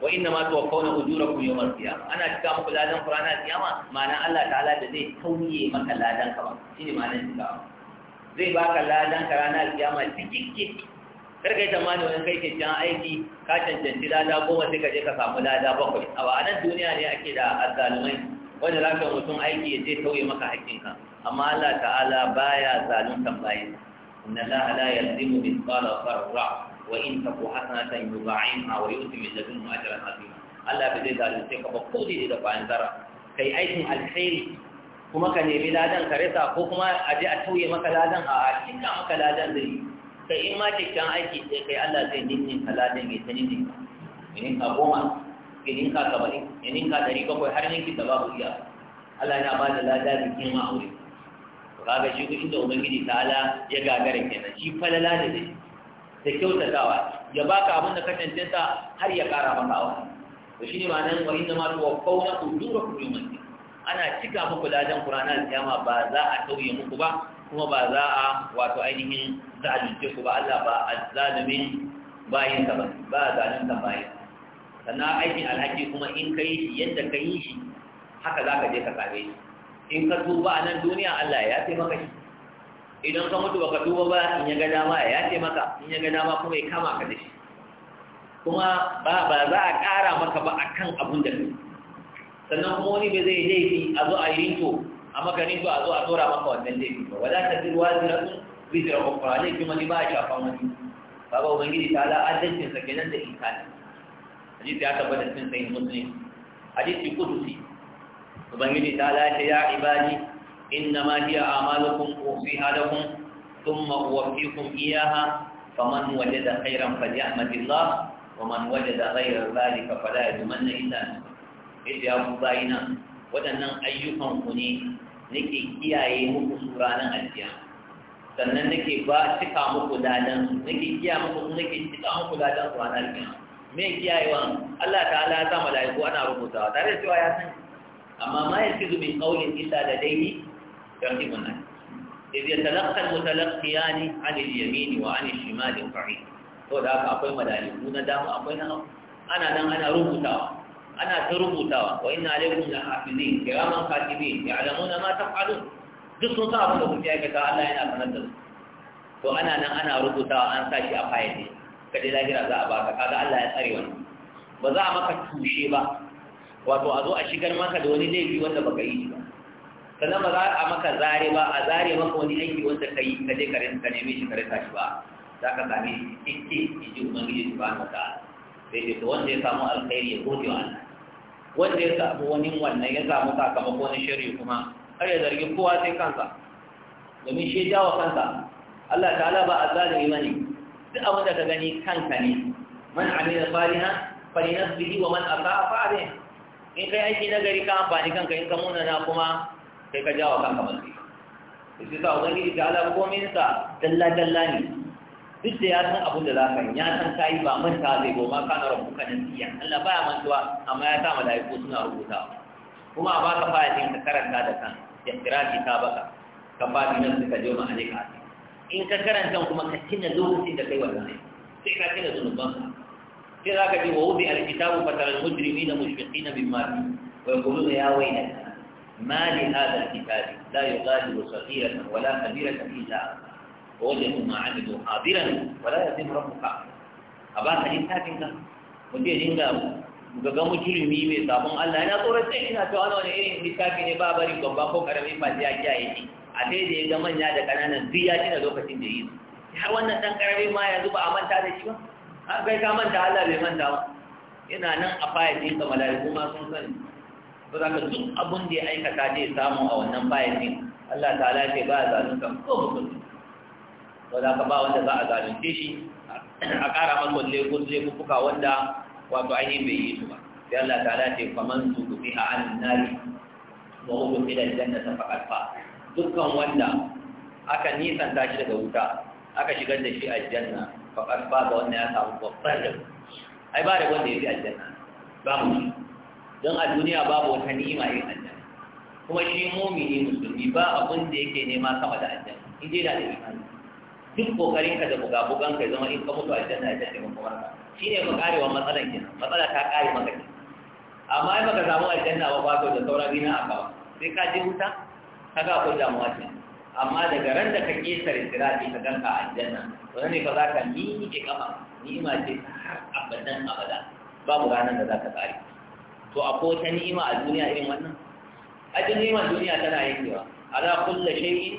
wa inna ma tuwaffawna ujurakum yawmal qiyamah ana cika muku ladan qur'ana qiyama ma'ana Allah ta'ala da zai tauye maka ladan ka ba shine ma'anar cika zai baka ladan ka ranar qiyama tikik Karkai yi tamanin wani kai kyakkyan aiki ka cancanci lada goma sai ka je ka samu lada bakwai a nan duniya ne ake da azalumai? Wani za mutum aiki ya je tauye maka haƙƙinka amma Allah ta'ala baya zaluntan bayan inna Allah la yalzimu mithqala dharra wa in taku hasanatan yudha'imha wa yu'ti min ladunhu ajran 'azima Allah bai zai zalunce ka ba ko dai da bayan zara kai aikin alkhairi kuma ka nemi ladan ka resa, ko kuma a je a tauye maka ladan a cikin maka ladan zai Ka in ma kyakkyawan aiki sai kai Allah zai ninnin kala ya ta ninnin ka inin ka goma inin ka kabari inin ka ɗari bakwai har ninki da babu iya Allah yana ba da lada da girma aure kaga shi ko inda ubangiji ta'ala ya gagara kenan shi falala da dai da kyautatawa ya baka abin da ka tantanta har ya kara maka aure to shine ma'anar wa inna ma tuwaffawna ujurakum yawmal ana cika muku ladan Qur'ani da kiyama ba za a tauye muku ba kuma ba za a wato ainihin zalunce ku ba Allah ba azzalimin bayan ka ba ba zalunta bayin sannan aikin alhaki kuma in ka yi shi yadda ka yi shi haka za ka je ka same shi in ka tuba a nan duniya Allah ya yafe maka shi idan ka mutu ka tuba ba in ya ga dama ya yafe maka in ya ga dama kuma ya kama ka da shi kuma ba ba za a ƙara maka ba akan abun da kai sannan kuma wani bai zai laifi a zo a yi rinto a maka rinto a zo a tsora maka wannan laifi ba wadata zirwa ziratun bid'a ukhra ne kuma ni ba ya shafa wani kaga ubangiji ta ala adalcin sa kenan da ne. hadisi ya tabbata cikin sahih muslim hadisi qudusi ubangiji ta ala ce ya ibadi innama hiya amalukum usiha lakum thumma uwaffikum iyaha faman wajada khairan falyahmadillah waman wajada ghayra dhalika fala yadumanna illa yadda ya ku bayina waɗannan ayyukan ku ne nake kiyaye muku su ranar aljiya sannan nake ba cika muku dadan su nake kiya muku nake cika muku ladan su a dalilin me kiyayewa Allah ta'ala ya sa malaiku ana rubutawa tare da cewa ya san amma ma ya zubin yalfizu min qawlin illa ladayhi raqibun atid إذ يتلقى المتلقيان عن اليمين وعن الشمال قعيد to da aka akwai malaiku na dama akwai na ana nan ana rubutawa ana ta rubutawa wa inna alaikum la hafizin kiraman katibin ya'lamuna ma taf'alun duk sun sa abin da kuke aikata Allah yana sanar da su to ana nan ana rubuta an sa shi a fayil ne je lahira za a baka kaga Allah ya tsare wani. ba za a maka tushe ba wato a zo a shigar maka da wani laifi wanda baka yi ba sannan ba za a maka zare ba a zare maka wani aiki wanda ka yi ka je ka neme shi ka rasa shi ba za ka sami cikin iji ubangiji su ba mata sai dai to wanda ya samu alkhairi ya gode wa Allah wanda ya samu wani wannan ya samu sakamako na kuma kar ya zargi kowa sai kansa domin shi jawo kansa Allah ta'ala ba a zalimi bane duk abin da ka gani kanka ne man amila salihan falinafsihi wa man asaa fa alayh in kai aiki na gari ka amfani kanka in ka muna na kuma kai ka jawo kanka ba. shi sa ubangiji ta'ala komin sa dalla dalla ne duk da ya san abin da za ka yi ya san ka yi ba manta zai goma ka na rubuta na siya Allah baya mantuwa amma ya sa mala'iku suna rubuta kuma a ka fayil ɗin ka karanta da kanka ya kira kitabaka ka fadi nan suka je ma alika in ka karanta kuma ka tina lokacin da kai wannan sai ka tina zunubanka sai za ka ji wa wubi alkitabu fatara mujrimina mushfiqina mimma fi wa yaquluna ya waylana ما لهذا الكتاب لا يغادر صغيرة ولا كبيرة إلا ووجدوا ما عملوا حاضرا ولا يتم ربك أبا حديث هكذا ودي دينغا gaga ga mujrimi mai sabon Allah yana tsoron sai ina to ana wani irin littafi ne ba bari babba ko karami ba ya kiyaye shi a sai da ya ga manya da kananan duk ya tina lokacin da yi har wannan dan karami ma yanzu ba a manta da shi ba har kai ka manta Allah bai manta ba Ina nan a fayyacin ka mala'iku ma sun sani ba za ka duk abun da ya aikata zai samu a wannan fayyacin Allah ta'ala ce ba a kan ko mutum ba za ka ba wanda za a zalunce shi a ƙara masa lekun kuka wanda wato ainihin bai yi su ba sai Allah ta'ala ce faman tuqtiha an nari wa huwa fil jannati faqad fa dukkan wanda aka nisan tashi daga wuta aka shigar da shi aljanna Janna, fa ga wanda ya samu babbar da ai ba da wanda ya fi aljanna mu shi don a duniya babu wata ni'ima yin aljanna kuma shi mumini musulmi ba abin da yake nema sama da aljanna in dai da imani duk kokarin ka da buga bugan ka zama in ka mutu aljanna ya tafi maka warka shi ne makarewa matsalar kenan matsala ta kare maka ne amma yi maka samu canza ba kwato da saura rina a kawo. sai ka ji wuta ka ga akwai damuwa ce amma daga ran da ka ƙetare sirati ka ganka a aljanna Wani ne ka za ka miƙe kafa ni'ima ce har abadan abada babu ranar da za ka tsari. to a ko ta ni'ima a duniya irin wannan ajin ni'imar duniya tana yankewa ala kulli shay'in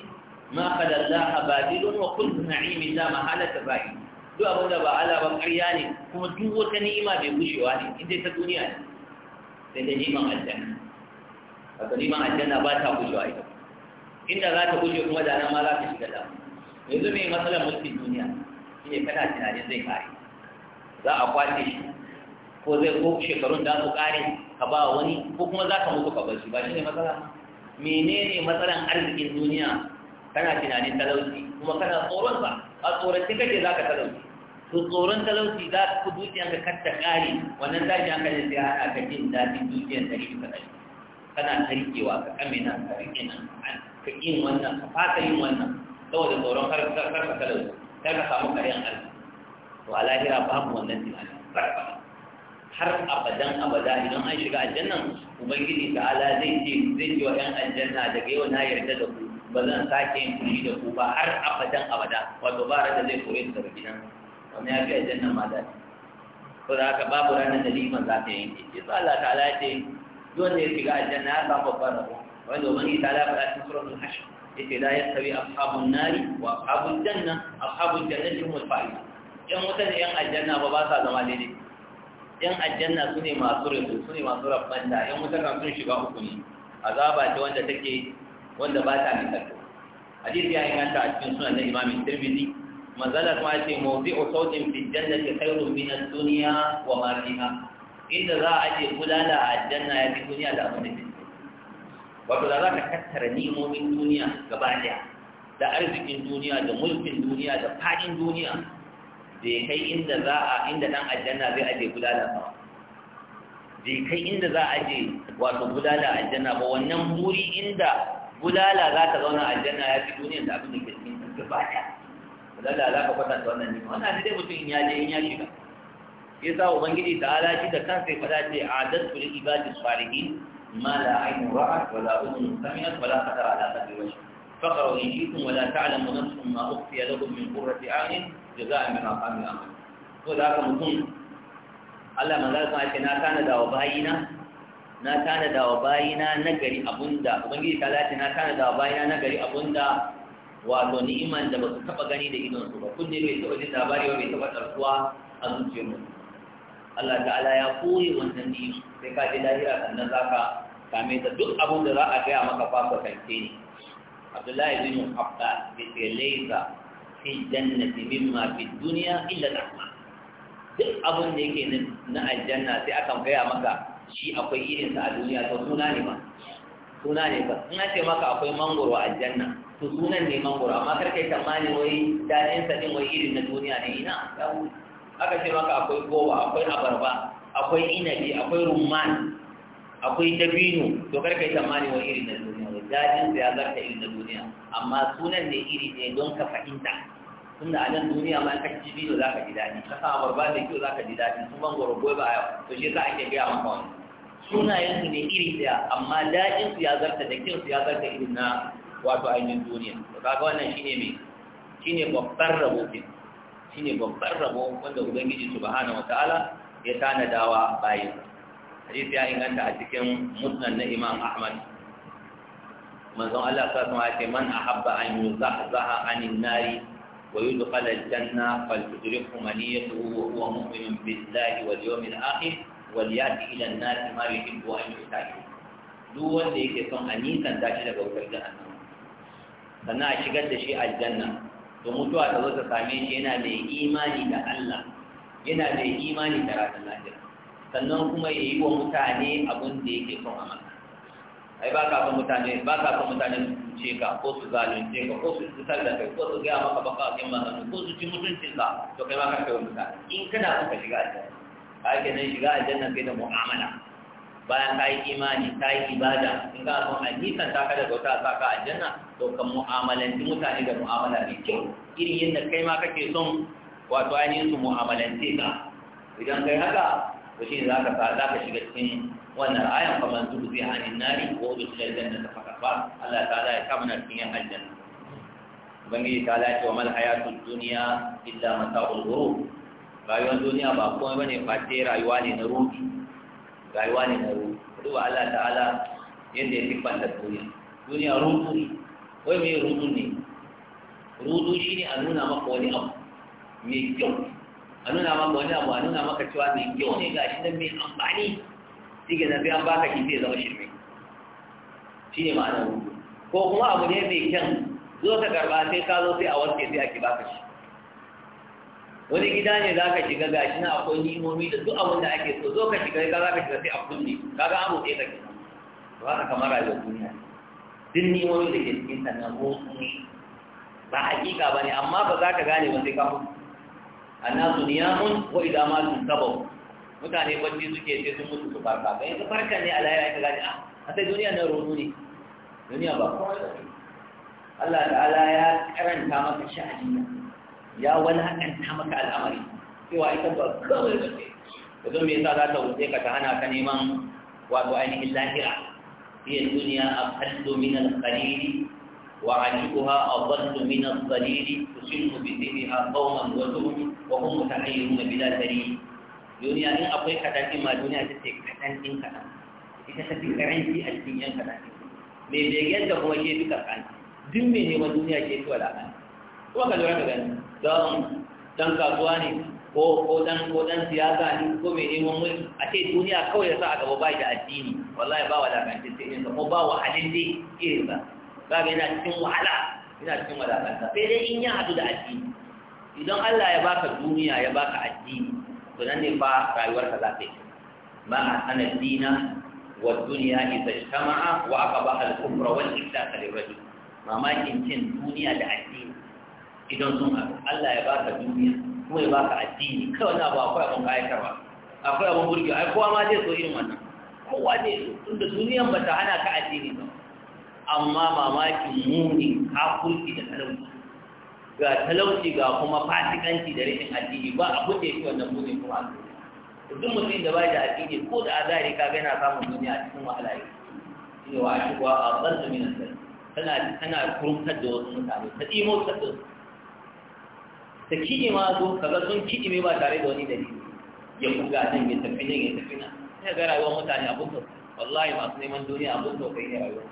ma qadalla abadilun wa kullu na'imin la mahala ba'in duk abin da ba Allah ban ƙarya ne kuma duk wata ni'ima bai gushewa ne inda ta duniya ne sai da ni'iman aljanna haka ni'iman aljanna ba ta gushewa ita inda za ta gushe kuma da nan ma za ta shiga da yanzu mai matsalar mulkin duniya shi ne kana tunanin zai kare za a kwace shi ko zai ko shekarun da su kare ka ba wani ko kuma za ka mutu ka bar shi ba shi ne matsala menene matsalar arzikin duniya kana tunanin talauci kuma kana tsoron ba a tsorace kake za ka talauci to tsoron talauci za ka ku dukiyar ka kar ƙari wannan tashi an kaje sai haɗa ka jin daɗin dukiyar da shi ɗari. kana tarkewa ka na ka rike na ka yin wannan ka fasa yin wannan saboda tsoron kar ka talauci kar ka samu karyan arziki to a lahira babu wannan tunanin barba har abadan abada idan an shiga aljannan ubangiji ta ala zai ce zai ce wa ɗan aljanna daga yau na yarda da ku ba zan sake yin fushi da ku ba har abadan abada wato ba da zai kore su daga gidan wani ya kai jannan ma da ko da haka babu ranar da liman za ta yanke ce su Allah ta ala ce wanda ya shiga aljanna ya samu babban rabo Wani wani ta ala faɗa cikin suratul hashr yace la yastawi ashabun nari wa ashabul janna ashabul Janna hum al-fa'ilun yan wuta ne yan aljanna ba ba sa zama daidai yan aljanna su ne masu rubu su ne masu rabban da yan wuta kan sun shiga uku ne azaba ce wanda take wanda ba ta misalto hadisi ya inganta a cikin sunan na imam tirmidhi mazalar ma ce mawdi'u sautin fi da ke min ad duniya wa ma inda za a ajiye kulala a aljanna ya fi duniya da abin da ke wato da za ka tattara nimomin duniya gaba daya da arzikin duniya da mulkin duniya da fadin duniya da ya kai inda za a inda dan ajanna zai ajiye kulala ba da ya kai inda za a je wato bulala aljanna ba wannan buri inda bulala za ta zauna aljanna ya fi duniya da abin da ke cikin gaba ɗaya lalla za ka ta wannan nima wannan ne dai mutum in ya je in ya shiga ya sa ubangiji ta ala da kansa ya faɗa ce a dattu da ibadin salihi ma la ainu ra'at wa la udun sami'at wa la khatara ala qalbi wajh faqra in shi'tum wa la ta'lamu nafsun ma ukhfiya lahum min qurrati a'yun jazaa'an min aqami amal to da haka mutum Allah manzo sa ce na kana da wa bayina na tana da wa bayina nagari abunda ubangiji ta lati na tana da wa bayina nagari abunda wato ni'iman da ba su taɓa gani da idon idonsu ba kunne bai taɓa jin labari ba bai taɓa tsarsuwa a zuciyar mu Allah ta'ala ya koyi wannan ni'ima sai ka ji lahira sannan za ka same ta duk abin da za a gaya maka fa ka kance ni. Abdullahi bin Abbas bai ce laisa fi jannati mimma fi dunya illa rahma duk abin da yake na aljanna sai akan gaya maka shi akwai irinsa a duniya to suna ne ba suna ne ba in ce maka akwai mangoro a aljanna to sunan ne mangoro amma kar yi tsammani wai daɗin sa wai irin na duniya ne ina aka ce maka akwai gowa akwai abarba akwai inabi akwai rumman akwai dabino to kar yi tsammani wai irin na duniya wai daɗin sa ya zarta irin na duniya amma sunan ne iri ne don ka fahimta tunda a nan duniya ma ka ci biyu za ka ji daɗi ka sa abarba da kyau za ka ji daɗi gwaro goyi gobe a yau to shi za a ke gaya maka wani sunayensu ne iri ɗaya amma su ya zarta da su ya zarta irin na wato ainihin duniya to kaga wannan shine me shine babbar rabo din shine babbar rabo wanda ubangiji subhanahu wataala ya tanadawa bayin hadisi ya inganta a cikin musnad na imam ahmad manzon Allah ta sama ce man ahabba an yuzahzaha anin nari wa yudkhala aljanna faltudrikhu maniyatuhu wa huwa mu'minun billahi wal yawmil akhir wal yati ila an-nari ma yuhibbu an yutahi duk wanda yake son anisan nisan tashi daga wutar jahannama sannan a shigar da shi aljanna to mutuwa da zo ta same shi yana da imani da Allah yana da imani da ranar lahira sannan kuma ya yi wa mutane abin da yake son a maka ai ba ka son mutane ba ka son mutane su ce ka ko su zalunce ka ko su cutar da kai ko su gaya maka baka a kan mazanu ko su ci mutuncin ka to kai ma ka kai wa mutane in kana so ka shiga aljanna ka ake nan shiga aljanna kai da mu'amala bayan ka yi imani ka yi ibada in ka son a kan saka daga wata saka a aljanna to kan mu'amalanci mutane da mu'amala mai kyau irin yadda kai ma kake son wato ainihin su mu'amalance ka idan kai haka to shi za ka za ka shiga cikin wannan ayan kamar su zai hannun nari ko da shi aljanna ta faka ba Allah ta ya kama na cikin yan aljanna ubangiji ta ala ce wa mal hayatul duniya illa mata'ul ruh rayuwar duniya ba komai bane face rayuwa ne na ruhi rayuwa ne na ruwa duba Allah ta'ala yadda ya siffanta duniya duniya rudu ne wai mai rudu ne rudu shi ne a nuna maka wani abu mai kyau a nuna maka wani abu a nuna maka cewa mai kyau ne ga shi nan mai amfani shi na biyan baka shi zai zama shirme shi ne ma'anar rudu ko kuma abu ne mai kyan zo ka karba sai ka zo sai a wanke sai ake baka shi wani gida ne za ka shiga shi na akwai nimomi da duk abin da ake so zo ka shiga ka za ka shiga sai a kulle kaga an ɗaya ka kenan ba ka kamar rayuwar duniya duk nimomi da ke cikin ta na ne ba hakika ba ne amma ba za ka gane ba sai ka mutu annasu mun ko idan ma saba mutane bacci suke ce sun mutu su farka ba su farka ne alai ai kaga ah a A sai duniya na rono ne duniya ba komai Allah ta'ala ya karanta maka sha'ani ya wani walakanta maka al'amari cewa ita ba kawai da ke zo mai sa za ta wuce ka ta hana ka neman wato ainihin lahira iya duniya a kallo min al-khalili wa ha a zallo min al-khalili ku shi mu bi tsiri ha kawman wato wa kuma ta ayi yi mai bida dari duniya in akwai kadadin ma duniya ta ce kadadin kadan ita ta fi karanci a cikin yan kadadin mai begiyar da kuma ke fi karkanci duk mai neman duniya ke fi wadatar kuma ka lura ka gani don dan kasuwa ne ko ko dan ko dan siyasa ne ko mai neman mulki a ce duniya kawai ya sa a gaba bai da addini wallahi ba wadatanci sai irin ko ba wahalin dai irin ba ba ga yana cikin wahala yana cikin wadatanta sai dai in ya hadu da addini idan Allah ya baka duniya ya baka addini to nan ne fa rayuwarka za ta yi ma an addina wa duniya idza ijtama'a wa ba al-kufra wal ifsaq lirajul mamakin cin duniya da addini idan sun haɗu Allah ya baka duniya kuma ya baka addini kawai na ba akwai abin ba, akwai abin burgi ai kowa ma zai so irin wannan kowa zai so tunda duniyan ba ta hana ka addini ba amma mamaki muni kulki da talauci ga talauci ga kuma fasikanci da rashin addini ba a kuɗe shi wannan muni kuma a duk mutum da bai da addini ko da azari ka ga yana samun duniya a cikin wahala yi shi ne wa a shigowa a ɓarsa minan tana kurumtar da wasu mutane ta ɗi ta ɗin ta kini ma zo kaga sun kiɗi mai ba tare da wani dalili ya buga nan ya tafi nan ya tafi nan sai ga rayuwar mutane abun to wallahi masu neman duniya abun to kai ne rayuwar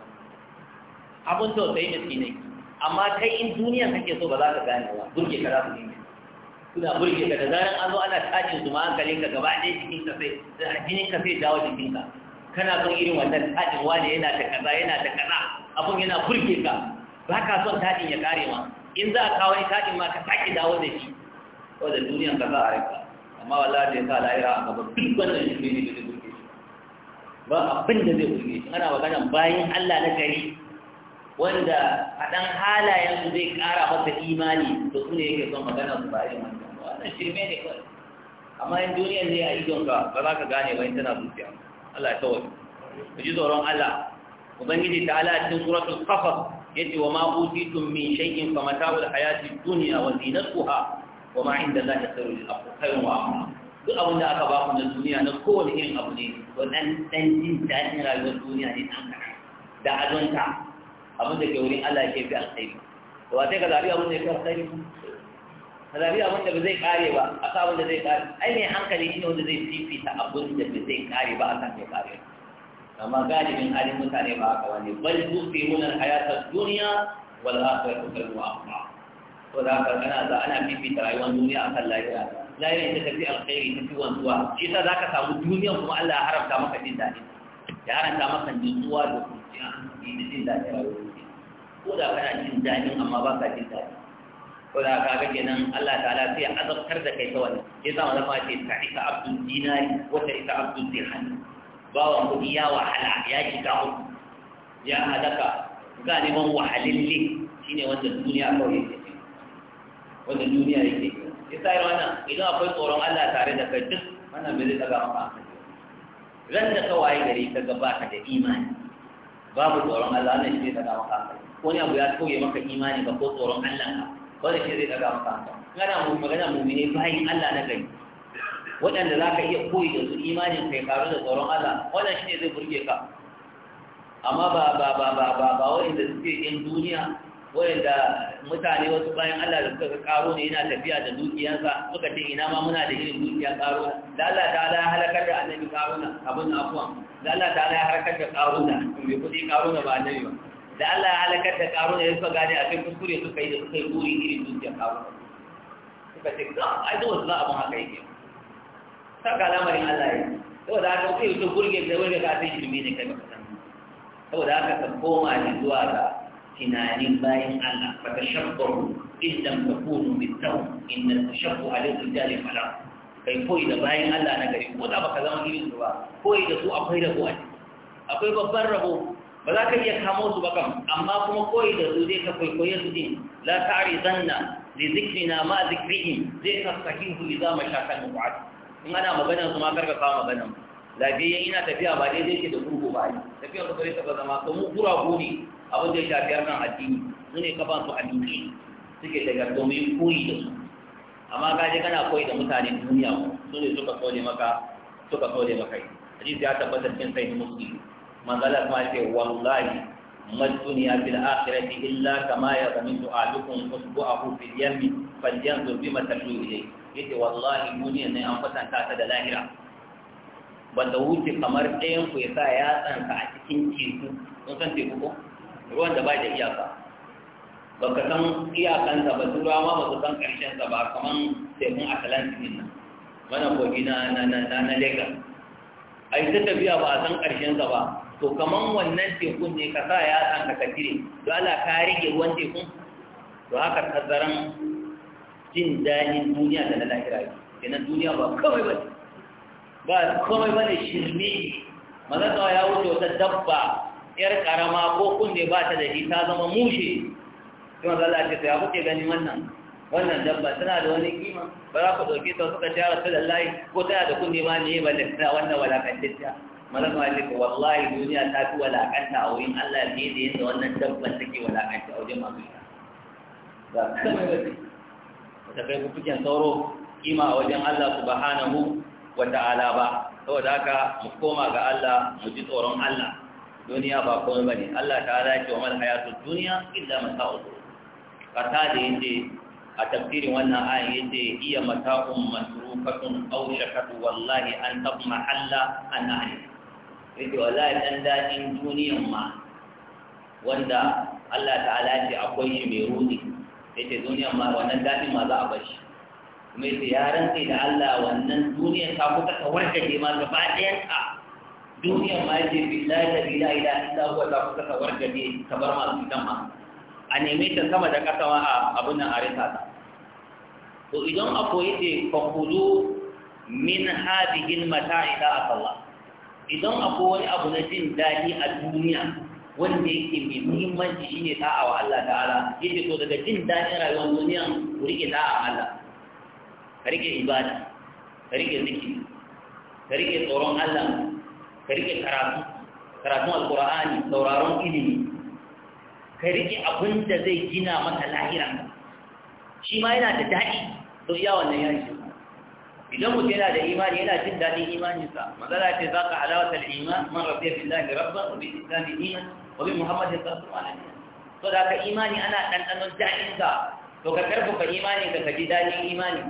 abun to sai miskinai amma kai in duniya kake so ba za ka gane ba burge ka za ku gane Kuna burge ka da zaran an zo ana tajin su ma hankalin ka gaba ɗaya jikin ka sai jinin ka sai dawo jikin ka kana son irin wannan tajin wani yana da kaza yana da kaza abun yana burge ka ba ka son tajin ya kare ma in za a kawo ita in ma ka sake dawo da shi ko da duniyan ka za a rika amma wala da ya sa lahira a gaba duk wannan shi ne da burge shi ba abin da zai burge shi ana magana bayan Allah na gari wanda a dan halayen su zai ƙara masa imani to su ne yake son magana su ba irin wannan wannan shirme ne kawai amma in duniyan ne a idon ka ba za ka gane ba in tana zuciya Allah ya kawai ku ji tsoron Allah ubangiji ta ala cikin suratul qasas yace wa ma utitum min shay'in fa mata'ul hayati dunya wa zinatuha wa ma inda Allah khairul khairun wa amma duk abin da aka ba ku na duniya na kowane irin abu ne to dan dan jin dadin rayuwar duniya ne dan da azonta abin da ke wurin Allah ke fi alkhairi to ba sai ka zabi abin da ke alkhairi ka zabi abin da ba zai kare ba aka abin da zai kare ai ne hankali shine wanda zai fifita abin da ba zai kare ba akan mai kare ba amma galibin halin mutane ba haka wani bal tufimun hayatar duniya wal akhiratu kal mu'amma to da haka kana da ana fifita rayuwar duniya akan lahira lahira ita tafi alkhairi ta fi wanzuwa shi yasa zaka samu duniya kuma Allah ya haramta maka jin daɗi ya haramta maka nutsuwa da kuciya da jin daɗi rayuwar ko da kana jin daɗi amma ba ka jin daɗi ko da haka ga kenan Allah ta'ala sai ya azabtar da kai ta wani yasa malama ce ta'isa abdul dinari wata ita abdul dirham bawan kuɗi ya wahala ya shiga uku ya halaka ga neman wahalille shine wanda duniya kawai yake wanda duniya yake ya sa irin wannan idan akwai tsoron Allah tare da kai duk wannan bai zai daga maka ran da ka waye gari ka ga baka da imani babu tsoron Allah wannan shi zai daga maka ko ne abu ya tauye maka imani ba ko tsoron Allah ka ko da shi zai daga maka kana mu magana mu'mini bayin Allah na gari waɗanda za ka iya koyi da su imanin kai karu da tsoron Allah wannan shi ne zai burge ka amma ba ba ba ba ba ba waɗanda suke yin duniya waɗanda mutane wasu bayan Allah da suka karo ne yana tafiya da dukiyansa suka ce ina ma muna da irin dukiya karo da Allah ta ala halakar da annabi na abin afuwa da Allah ta ala halakar da karuna bai kuɗi na ba annabi ba da Allah ya halakar da karuna ya suka gane a kai kuskure suka yi da suka yi buri irin dukiya karuna suka ce ai zuwa za a ban haka yake saka lamarin Allah ya saboda haka sai yusuf burge da wani ga sai shirme ne kai baka sani saboda haka ka koma ne zuwa ga tunanin bayan Allah fa tashabbahu in lam takunu mithlahu in tashabbu alayhi rijal falaq kai koyi da bayan Allah na gari ko da baka zama irin su ba koyi da su akwai rabo a ciki akwai babban rabo ba za ka iya kamo su ba kam amma kuma koyi da su zai ka kwaikwaye su din la ta'rizanna li zikrina ma zikrihim zai tasfahihu idza mashakal mu'ad in ana magana su ma karka kawo maganar lafiyayyen ina tafiya ba dai zai ke da gurgu ba ne tafiya su kare taɓa zama to mu kura ne abin da ya shafi harkar addini su ne kafan su a duke suke daga domin koyi da su amma ka je kana koyi da mutanen duniya su ne suka ne maka suka ne maka yi hadisi ya tabbatar cikin sai muslim manzala kuma ce wallahi duniya bil akhirati illa kama ya zamin du'adukum usbu'ahu fil yammi yanzur bima tashu ilayhi yake wallahi duniyar ne an kwatanta ta da lahira banda wuce kamar ɗayan ku ya sa tsanta a cikin teku sun san teku ko ruwan da ba da iyaka ba ka san iyakansa ba turawa ma ba su san ƙarshensa ba kamar tekun atlantic nan mana kogi na na na na lagos a yi ta tafiya ba a san ƙarshensa ba to kamar wannan tekun ne ka sa tsanta ka cire to ala ka rage ruwan tekun to haka tazaran jin daɗin duniya da na lahira yi Ina duniya ba kawai ba ba kawai ba ne shirme maza ta ya wuce wata dabba yar karama ko kunne ba ta da shi ta zama mushe sai za a ce ya kuke gani wannan wannan dabba tana da wani kima ba za ku ɗauke ta suka tara ta layi ko tana da kunne ba ne ba da ta wannan walakantacciya maza ta ce ko, wallahi duniya ta fi walakanta a wurin Allah ne da yadda wannan dabban take walakanta a wajen masu shi ba komai ba ne ta kai kuken sauro kima a wajen Allah subhanahu wa ta'ala ba saboda haka mu koma ga Allah mu ji tsoron Allah duniya ba ba ne. Allah ta ya ce wa mal hayatud duniya illa mata'ul Kasa da yace a tafsirin wannan ayan yace iya mata'un masrukatun aw shakatu wallahi an tabma halla an ahli yace wallahi ɗan dadin duniyan ma wanda Allah ta ya ce akwai shi mai ruɗi yace duniya ma wannan dadin ma za a bar shi kuma yace ya rantse da Allah wannan duniyar ta ku ta ke ma gaba ɗayan ka duniyar ma yace billahi la ilaha illa Allah huwa ta ku ta warkaje ta bar ma su ma a neme ta sama da kasa ma a abun nan a rika ta to idan akwai yace fakulu min hadhihi al-mata'i da Allah idan akwai wani abu na jin daɗi a duniya wanda yake mai muhimmanci shine da'a wa Allah ta'ala yake so daga jin daɗin rayuwar duniya ku rike da'a Allah ka rike ibada ka rike zikiri ka rike tsoron Allah ka rike karatu karatu alqur'ani sauraron ilimi ka rike abin da zai gina maka lahira shi ma yana da daɗi to iya wannan ya idan mutum yana da imani yana jin daɗin imaninsa magana ce za ka halawatar iman man rafiya billahi rabba, wa bi islami iman wabi bi muhammadin sallallahu alaihi wasallam to da ka imani ana dandanon da'in ka to ka karfafa imani ka kaji dadin imani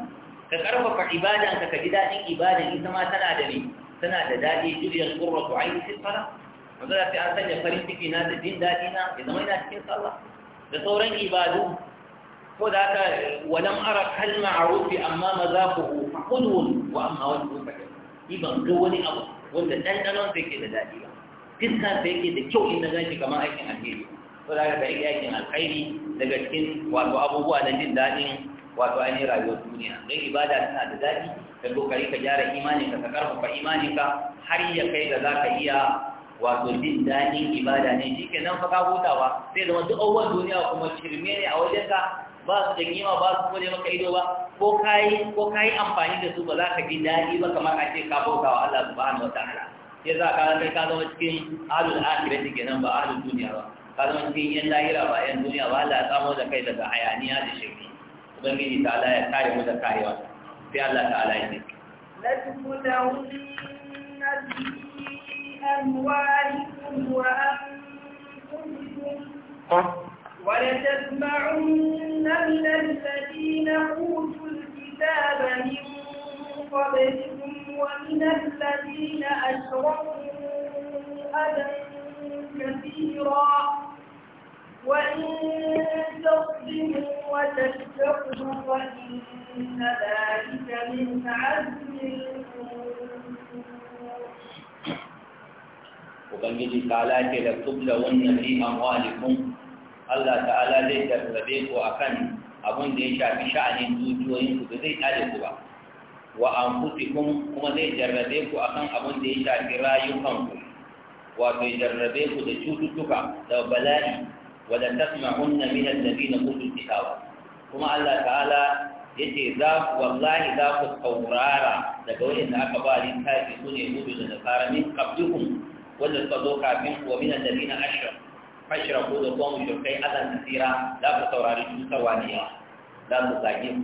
ka karfafa ibadan ka kaji dadin ibadan ita ma tana da ni tana da dadi juriyar qurratu aini fi salat wanda da an ya farin ciki na da din dadi na ya zama ina cikin sallah da sauran ibadu ko da haka walam ara kalma ma'rufi amma mazaquhu fa qulun wa amma wajhu fa ban ga wani abu wanda dandanon sai ke da dadi ba fiskan da yake da kyau inda zaki kamar aikin alheri ko za ka yi aikin alkhairi daga cikin wato abubuwa na jin daɗin wato ainihin rayuwar duniya don ibada tana da daɗi ka kokari ka ka gyara imaninka, ka ka karfafa imanin ka har ya kai da za ka iya wato jin daɗin ibada ne shi ke nan fa hutawa sai zama duk abubuwan duniya kuma shirme ne a wajen ka ba su da kima ba su kone maka ido ba ko ka ko kayi amfani da su ba za ka ji daɗi ba kamar a ce ka bauta wa Allah subhanahu wa ta'ala ya za ka kai ka zama cikin ahlul akhirati kenan ba ahlul duniya ba ka zama cikin yan lahira ba yan duniya ba Allah ya da kai daga hayaniya da shirki ubangiji ta Allah ya kare mu da karewa sai Allah ta Allah ya ce ولتسمعن من الذين أوتوا الكتاب من قبلكم ومن الذين أشركوا أذى كثيرا وإن تصدموا وتشتقوا فإن ذلك من عزم وكان يجي تعالى كده تبلغن في اموالكم الله تعالى ليس ربيك واكن ابون دي شافي شاهين دوجوين كده زي تعالى wa anfusikum kuma zai jarrabe ku akan abin da ya shafi ku, wato ya jarrabe ku da cututtuka da bala'i wala tasma'unna min na utul kitaba kuma Allah ta'ala yace za wallahi za ku taurara daga da aka ba littafi sune mutu da nasara min qablikum wanda suka zo kafin wa min alladhina ashraku ashraku da kuma mushrikai azan tsira za ku taurari cutarwa ne za ku zage ku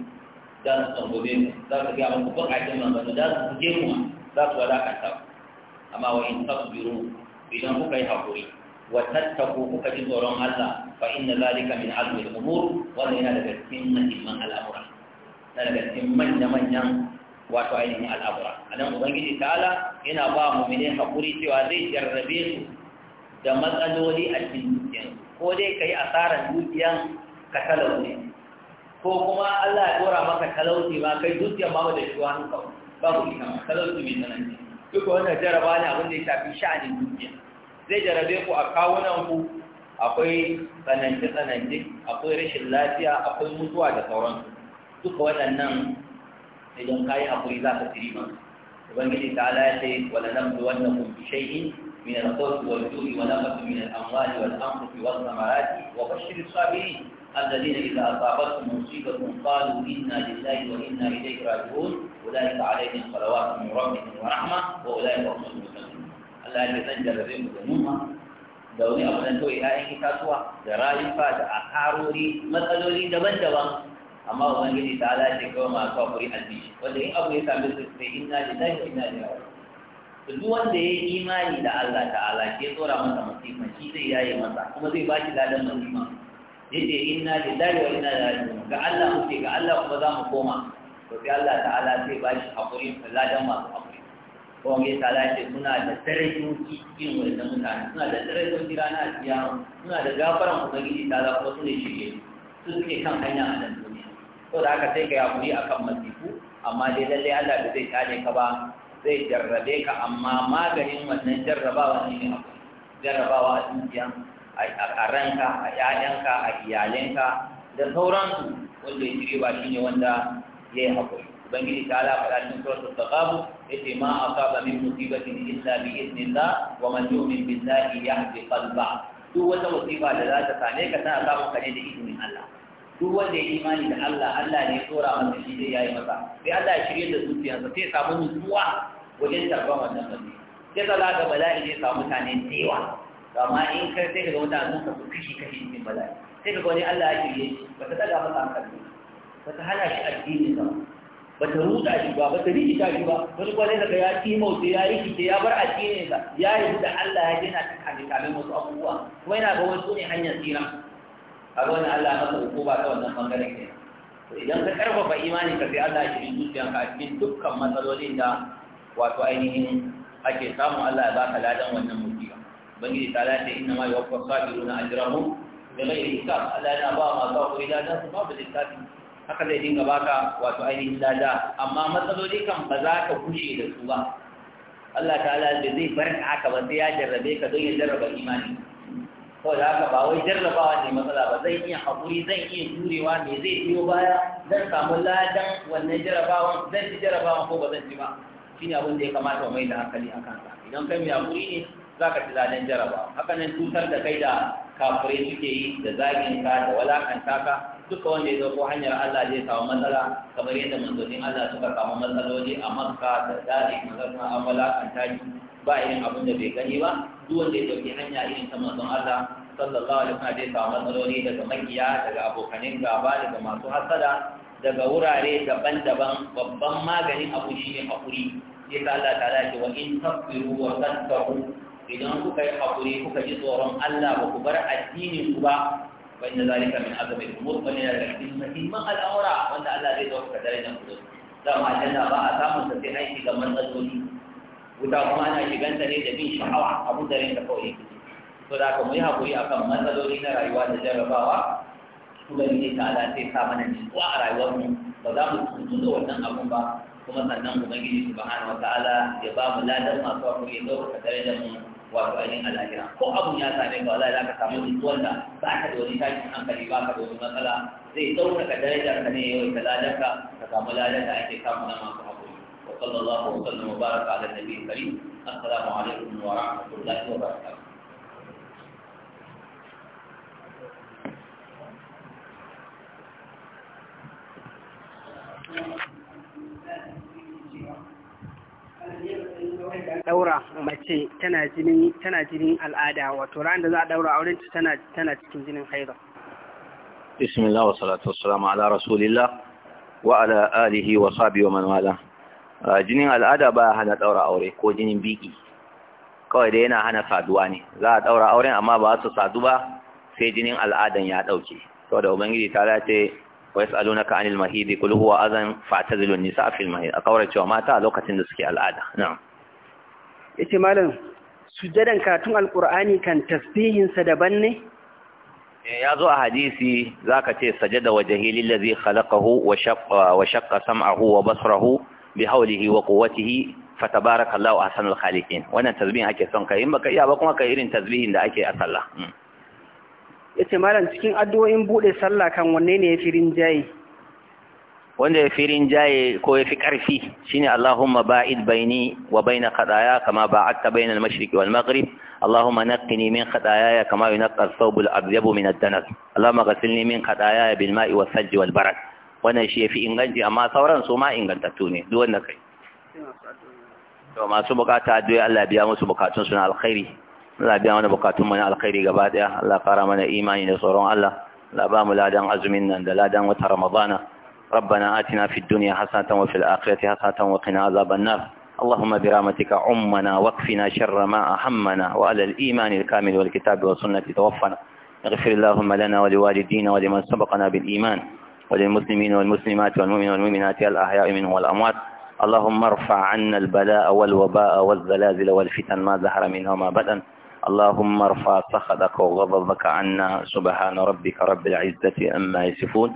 za su tsangome mu za su gaya muku baƙaƙen manzanni za su guje mu za su wadakanta ku amma wa in tasbiru idan kuka yi hakuri wa tattaku kuka ji tsoron Allah fa inna zalika min azmi al-umur wannan yana daga cikin muhimman al'amura da daga cikin manya-manyan wato ainihin al'amura a nan ubangiji ta'ala yana ba mu'mini haƙuri cewa zai jarrabe su da matsaloli a cikin dukiyan ko dai ka yi asarar dukiyan ka talauce ko kuma Allah ya dora maka talauci ba kai zuciya ba da shi wani kawai babu ita talauci mai tsanani duk wannan jaraba ne abin da ya shafi sha'anin dukiya zai jarabe ku a kawunan ku akwai tsanance-tsanance akwai rashin lafiya akwai mutuwa da sauran. duka waɗannan idan kayi hakuri za ka tiri ma ubangiji ta ala ya ce wala nan bi wannan kun bi shay'in min al-khawfi wal-ju'i wa nafsin min al-amwali wal-anfusi was-samarati wa bashshir as-sabirin الذين إذا أصابتهم مصيبة قالوا إنا لله وإنا إليه راجعون أولئك عليهم صلوات من ربهم ورحمة وأولئك هم المسلمون الله يجزاهم جزاهم ذنوبا da wani abu nan kawai ‘ya'yan itatuwa da rayuka da akarori matsaloli daban-daban amma gini ta ala ce kawai masu hakuri albishi wanda yin abu ya sami su sai inna da zai ina da yawa duk wanda ya yi imani da Allah ta'ala ke tsora masa masifa shi zai yaye masa kuma zai ba shi ladan masifa yace inna lillahi wa inna ilaihi raji'un ga Allah muke ga Allah kuma za mu koma to sai Allah ta'ala sai ba shi hakuri ladan masu hakuri ko wani ta'ala ce suna da darajoji irin wannan mutane suna da darajoji rana kiyama suna da gafaran ubangiji ta'ala kuma su ne shige su suke kan hanya a nan duniya to da haka sai ka hakuri kan masifu amma dai lallai Allah da zai kare ka ba zai jarrabe ka amma maganin wannan jarrabawa ne ne jarrabawa a dukiya a ranka a ƴaƴanka a iyalinka da sauransu wanda ya shirya ba shine wanda ya yi haƙuri ubangiji ta ala faɗa cikin suratul Ya ce ma asaba min musibatin illa bi idnillah wa man yu'min billahi yahdi qalba duk wata musiba da za ta same ka tana samun ka ne da izinin Allah duk wanda ya imani da Allah Allah ne ya tsora masa shi zai yayi masa sai Allah ya shirya da zuciyarsa sai ya samu nutsuwa wajen tarban wannan mutum sai ka za ka bala'i zai samu mutane da yawa amma in kai sai ka ga wata abin ka kashi kashi cikin bala'i sai ka ga wani Allah ya shirye shi ba ta daga masa hankali ba ta hana shi addini ba ba ta ruda shi ba bata rikita shi ba wani kwanai daga ya timauta ya yi rikice ya bar addinin sa ya yi da Allah ya gina ta kame kame masu abubuwa kuma yana ga wasu ne hanyar tsira a ga wani Allah ya masa hukuma ta wannan bangaren kenan idan ka karfafa imani ka sai Allah ya zuciyanka a cikin dukkan matsalolin da wato ainihin ake samu Allah ya baka ladan wannan mutum ubangiji ta lace inna ma yuwaffa sabiruna ajrahum bi ghairi hisab Allah yana ba ma ba ko su ba da haka zai dinga baka wato ainihin lada amma matsaloli kan ba za ka kushe da su ba Allah ta'ala da zai bar ka haka ba sai ya jarrabe ka don ya jarraba imani ko da haka ba wai jarrabawa ne matsala ba zai iya haƙuri zan iya jurewa me zai biyo baya zan samu ladan wannan jarrabawan zan ci jarrabawan ko ba zan ci ba shine abin da ya kamata mu mai da hankali a kansa? idan kai mai haƙuri ne za ka fi zanen jaraba haka nan cutar da kai da kafure suke yi da zagin ka da walakanta ka duka wanda ya zo ko hanyar Allah zai samu matsala kamar yadda manzonin Allah suka samu matsaloli a Makka da dadi mazan an walakanta shi ba irin abin da bai gani ba duk wanda ya dauki hanya irin ta manzon Allah sallallahu alaihi wasallam zai samu matsaloli daga makiya daga abokanin gaba daga masu hasada daga wurare daban-daban babban maganin abu shi ne hakuri sai Allah ta ce wa in tafiru wa tattaqu idan kuka yi haƙuri kuka ji tsoron Allah ba ku bar addinin ku ba wanda zalika min Kuma umur wani da cikin muhimman al'amura wanda Allah zai dauka darajar ku da ma janna ba a samun sa sai aiki ga matsaloli wuta kuma ana ta ne da bin sha'awa abun da rinka kawai to da ka mu yi haƙuri akan matsaloli na rayuwa da jarrabawa kuma ne ta ala sai sa mana nutsuwa a rayuwar mu ba za mu tuntu da wannan abun ba kuma sannan ubangiji subhanahu wataala ya ba mu ladan masu haƙuri ya dauka darajar mu wato ainihin al'ahira ko abun ya same ka wallahi za ka samu nutsuwar ba ka da wani tashin hankali ba ka da wani matsala zai ɗaukaka darajar ka ne yau da ladarka ka samu ladar da ake samu na masu haƙuri wa sallallahu wa sallam wa baraka ala nabi karim assalamu alaikum wa rahmatullahi wa barakatuh Thank you. daura mace tana jinin tana jinin al'ada wato ran da za a daura auren ta tana tana cikin jinin haida bismillah wa salatu wassalamu ala rasulillah wa ala alihi wa sahbihi wa man wala ah, jinin al'ada ba hana daura aure ko jinin biki kawai dai yana hana saduwa ne za a daura auren amma ba su sadu ba sai jinin al'adan ya dauke saboda ubangiji ta ce wa yas'alunaka anil mahidi kul huwa azan fa'tazilun nisa fil mahid a kawar cewa mata a lokacin da suke al'ada na'am yace malam sujadan katun alqur'ani kan tasbihin sa daban ne eh, ya zo a hadisi zaka ce sajada wajhi lillazi khalaqahu wa shaqqa wa shaqqa sam'ahu wa basrahu bihawlihi wa quwwatihi fatabarakallahu ahsanul khaliqin wannan tasbihin ake son kai in baka iya ba kuma kai irin tasbihin da ake a sallah hmm. yace malam cikin addu'o'in bude sallah kan wanne ne firin jayi. wanda ya fi rinjaye ko ya fi ƙarfi shi ne Allahumma ba'id baini wa baina khataaya kama ba'adta baina al-mashriqi wal maghrib Allahumma naqqini min khataaya kama yunqqa ath-thawbu al-abyab min ad-danas Allahumma ghsilni min khataaya bil ma'i was sajj wal barad wannan shi ya fi inganci amma sauran su ma ingantattu ne duk wanda kai masu bukata addu'a Allah biya musu bukatun su na alkhairi Allah biya mana bukatun mu na alkhairi gaba daya Allah kara mana imani da tsoron Allah Allah ba mu ladan azumin nan da ladan wata Ramadana ربنا آتنا في الدنيا حسنة وفي الآخرة حسنة وقنا عذاب النار اللهم برحمتك عمنا واكفنا شر ما أهمنا وعلى الإيمان الكامل والكتاب والسنة توفنا اغفر اللهم لنا ولوالدينا ولمن سبقنا بالإيمان وللمسلمين والمسلمات والمؤمنين والمؤمنات الأحياء منهم والأموات اللهم ارفع عنا البلاء والوباء والزلازل والفتن ما ظهر منها وما بدن اللهم ارفع سخطك وغضبك عنا سبحان ربك رب العزة أما يصفون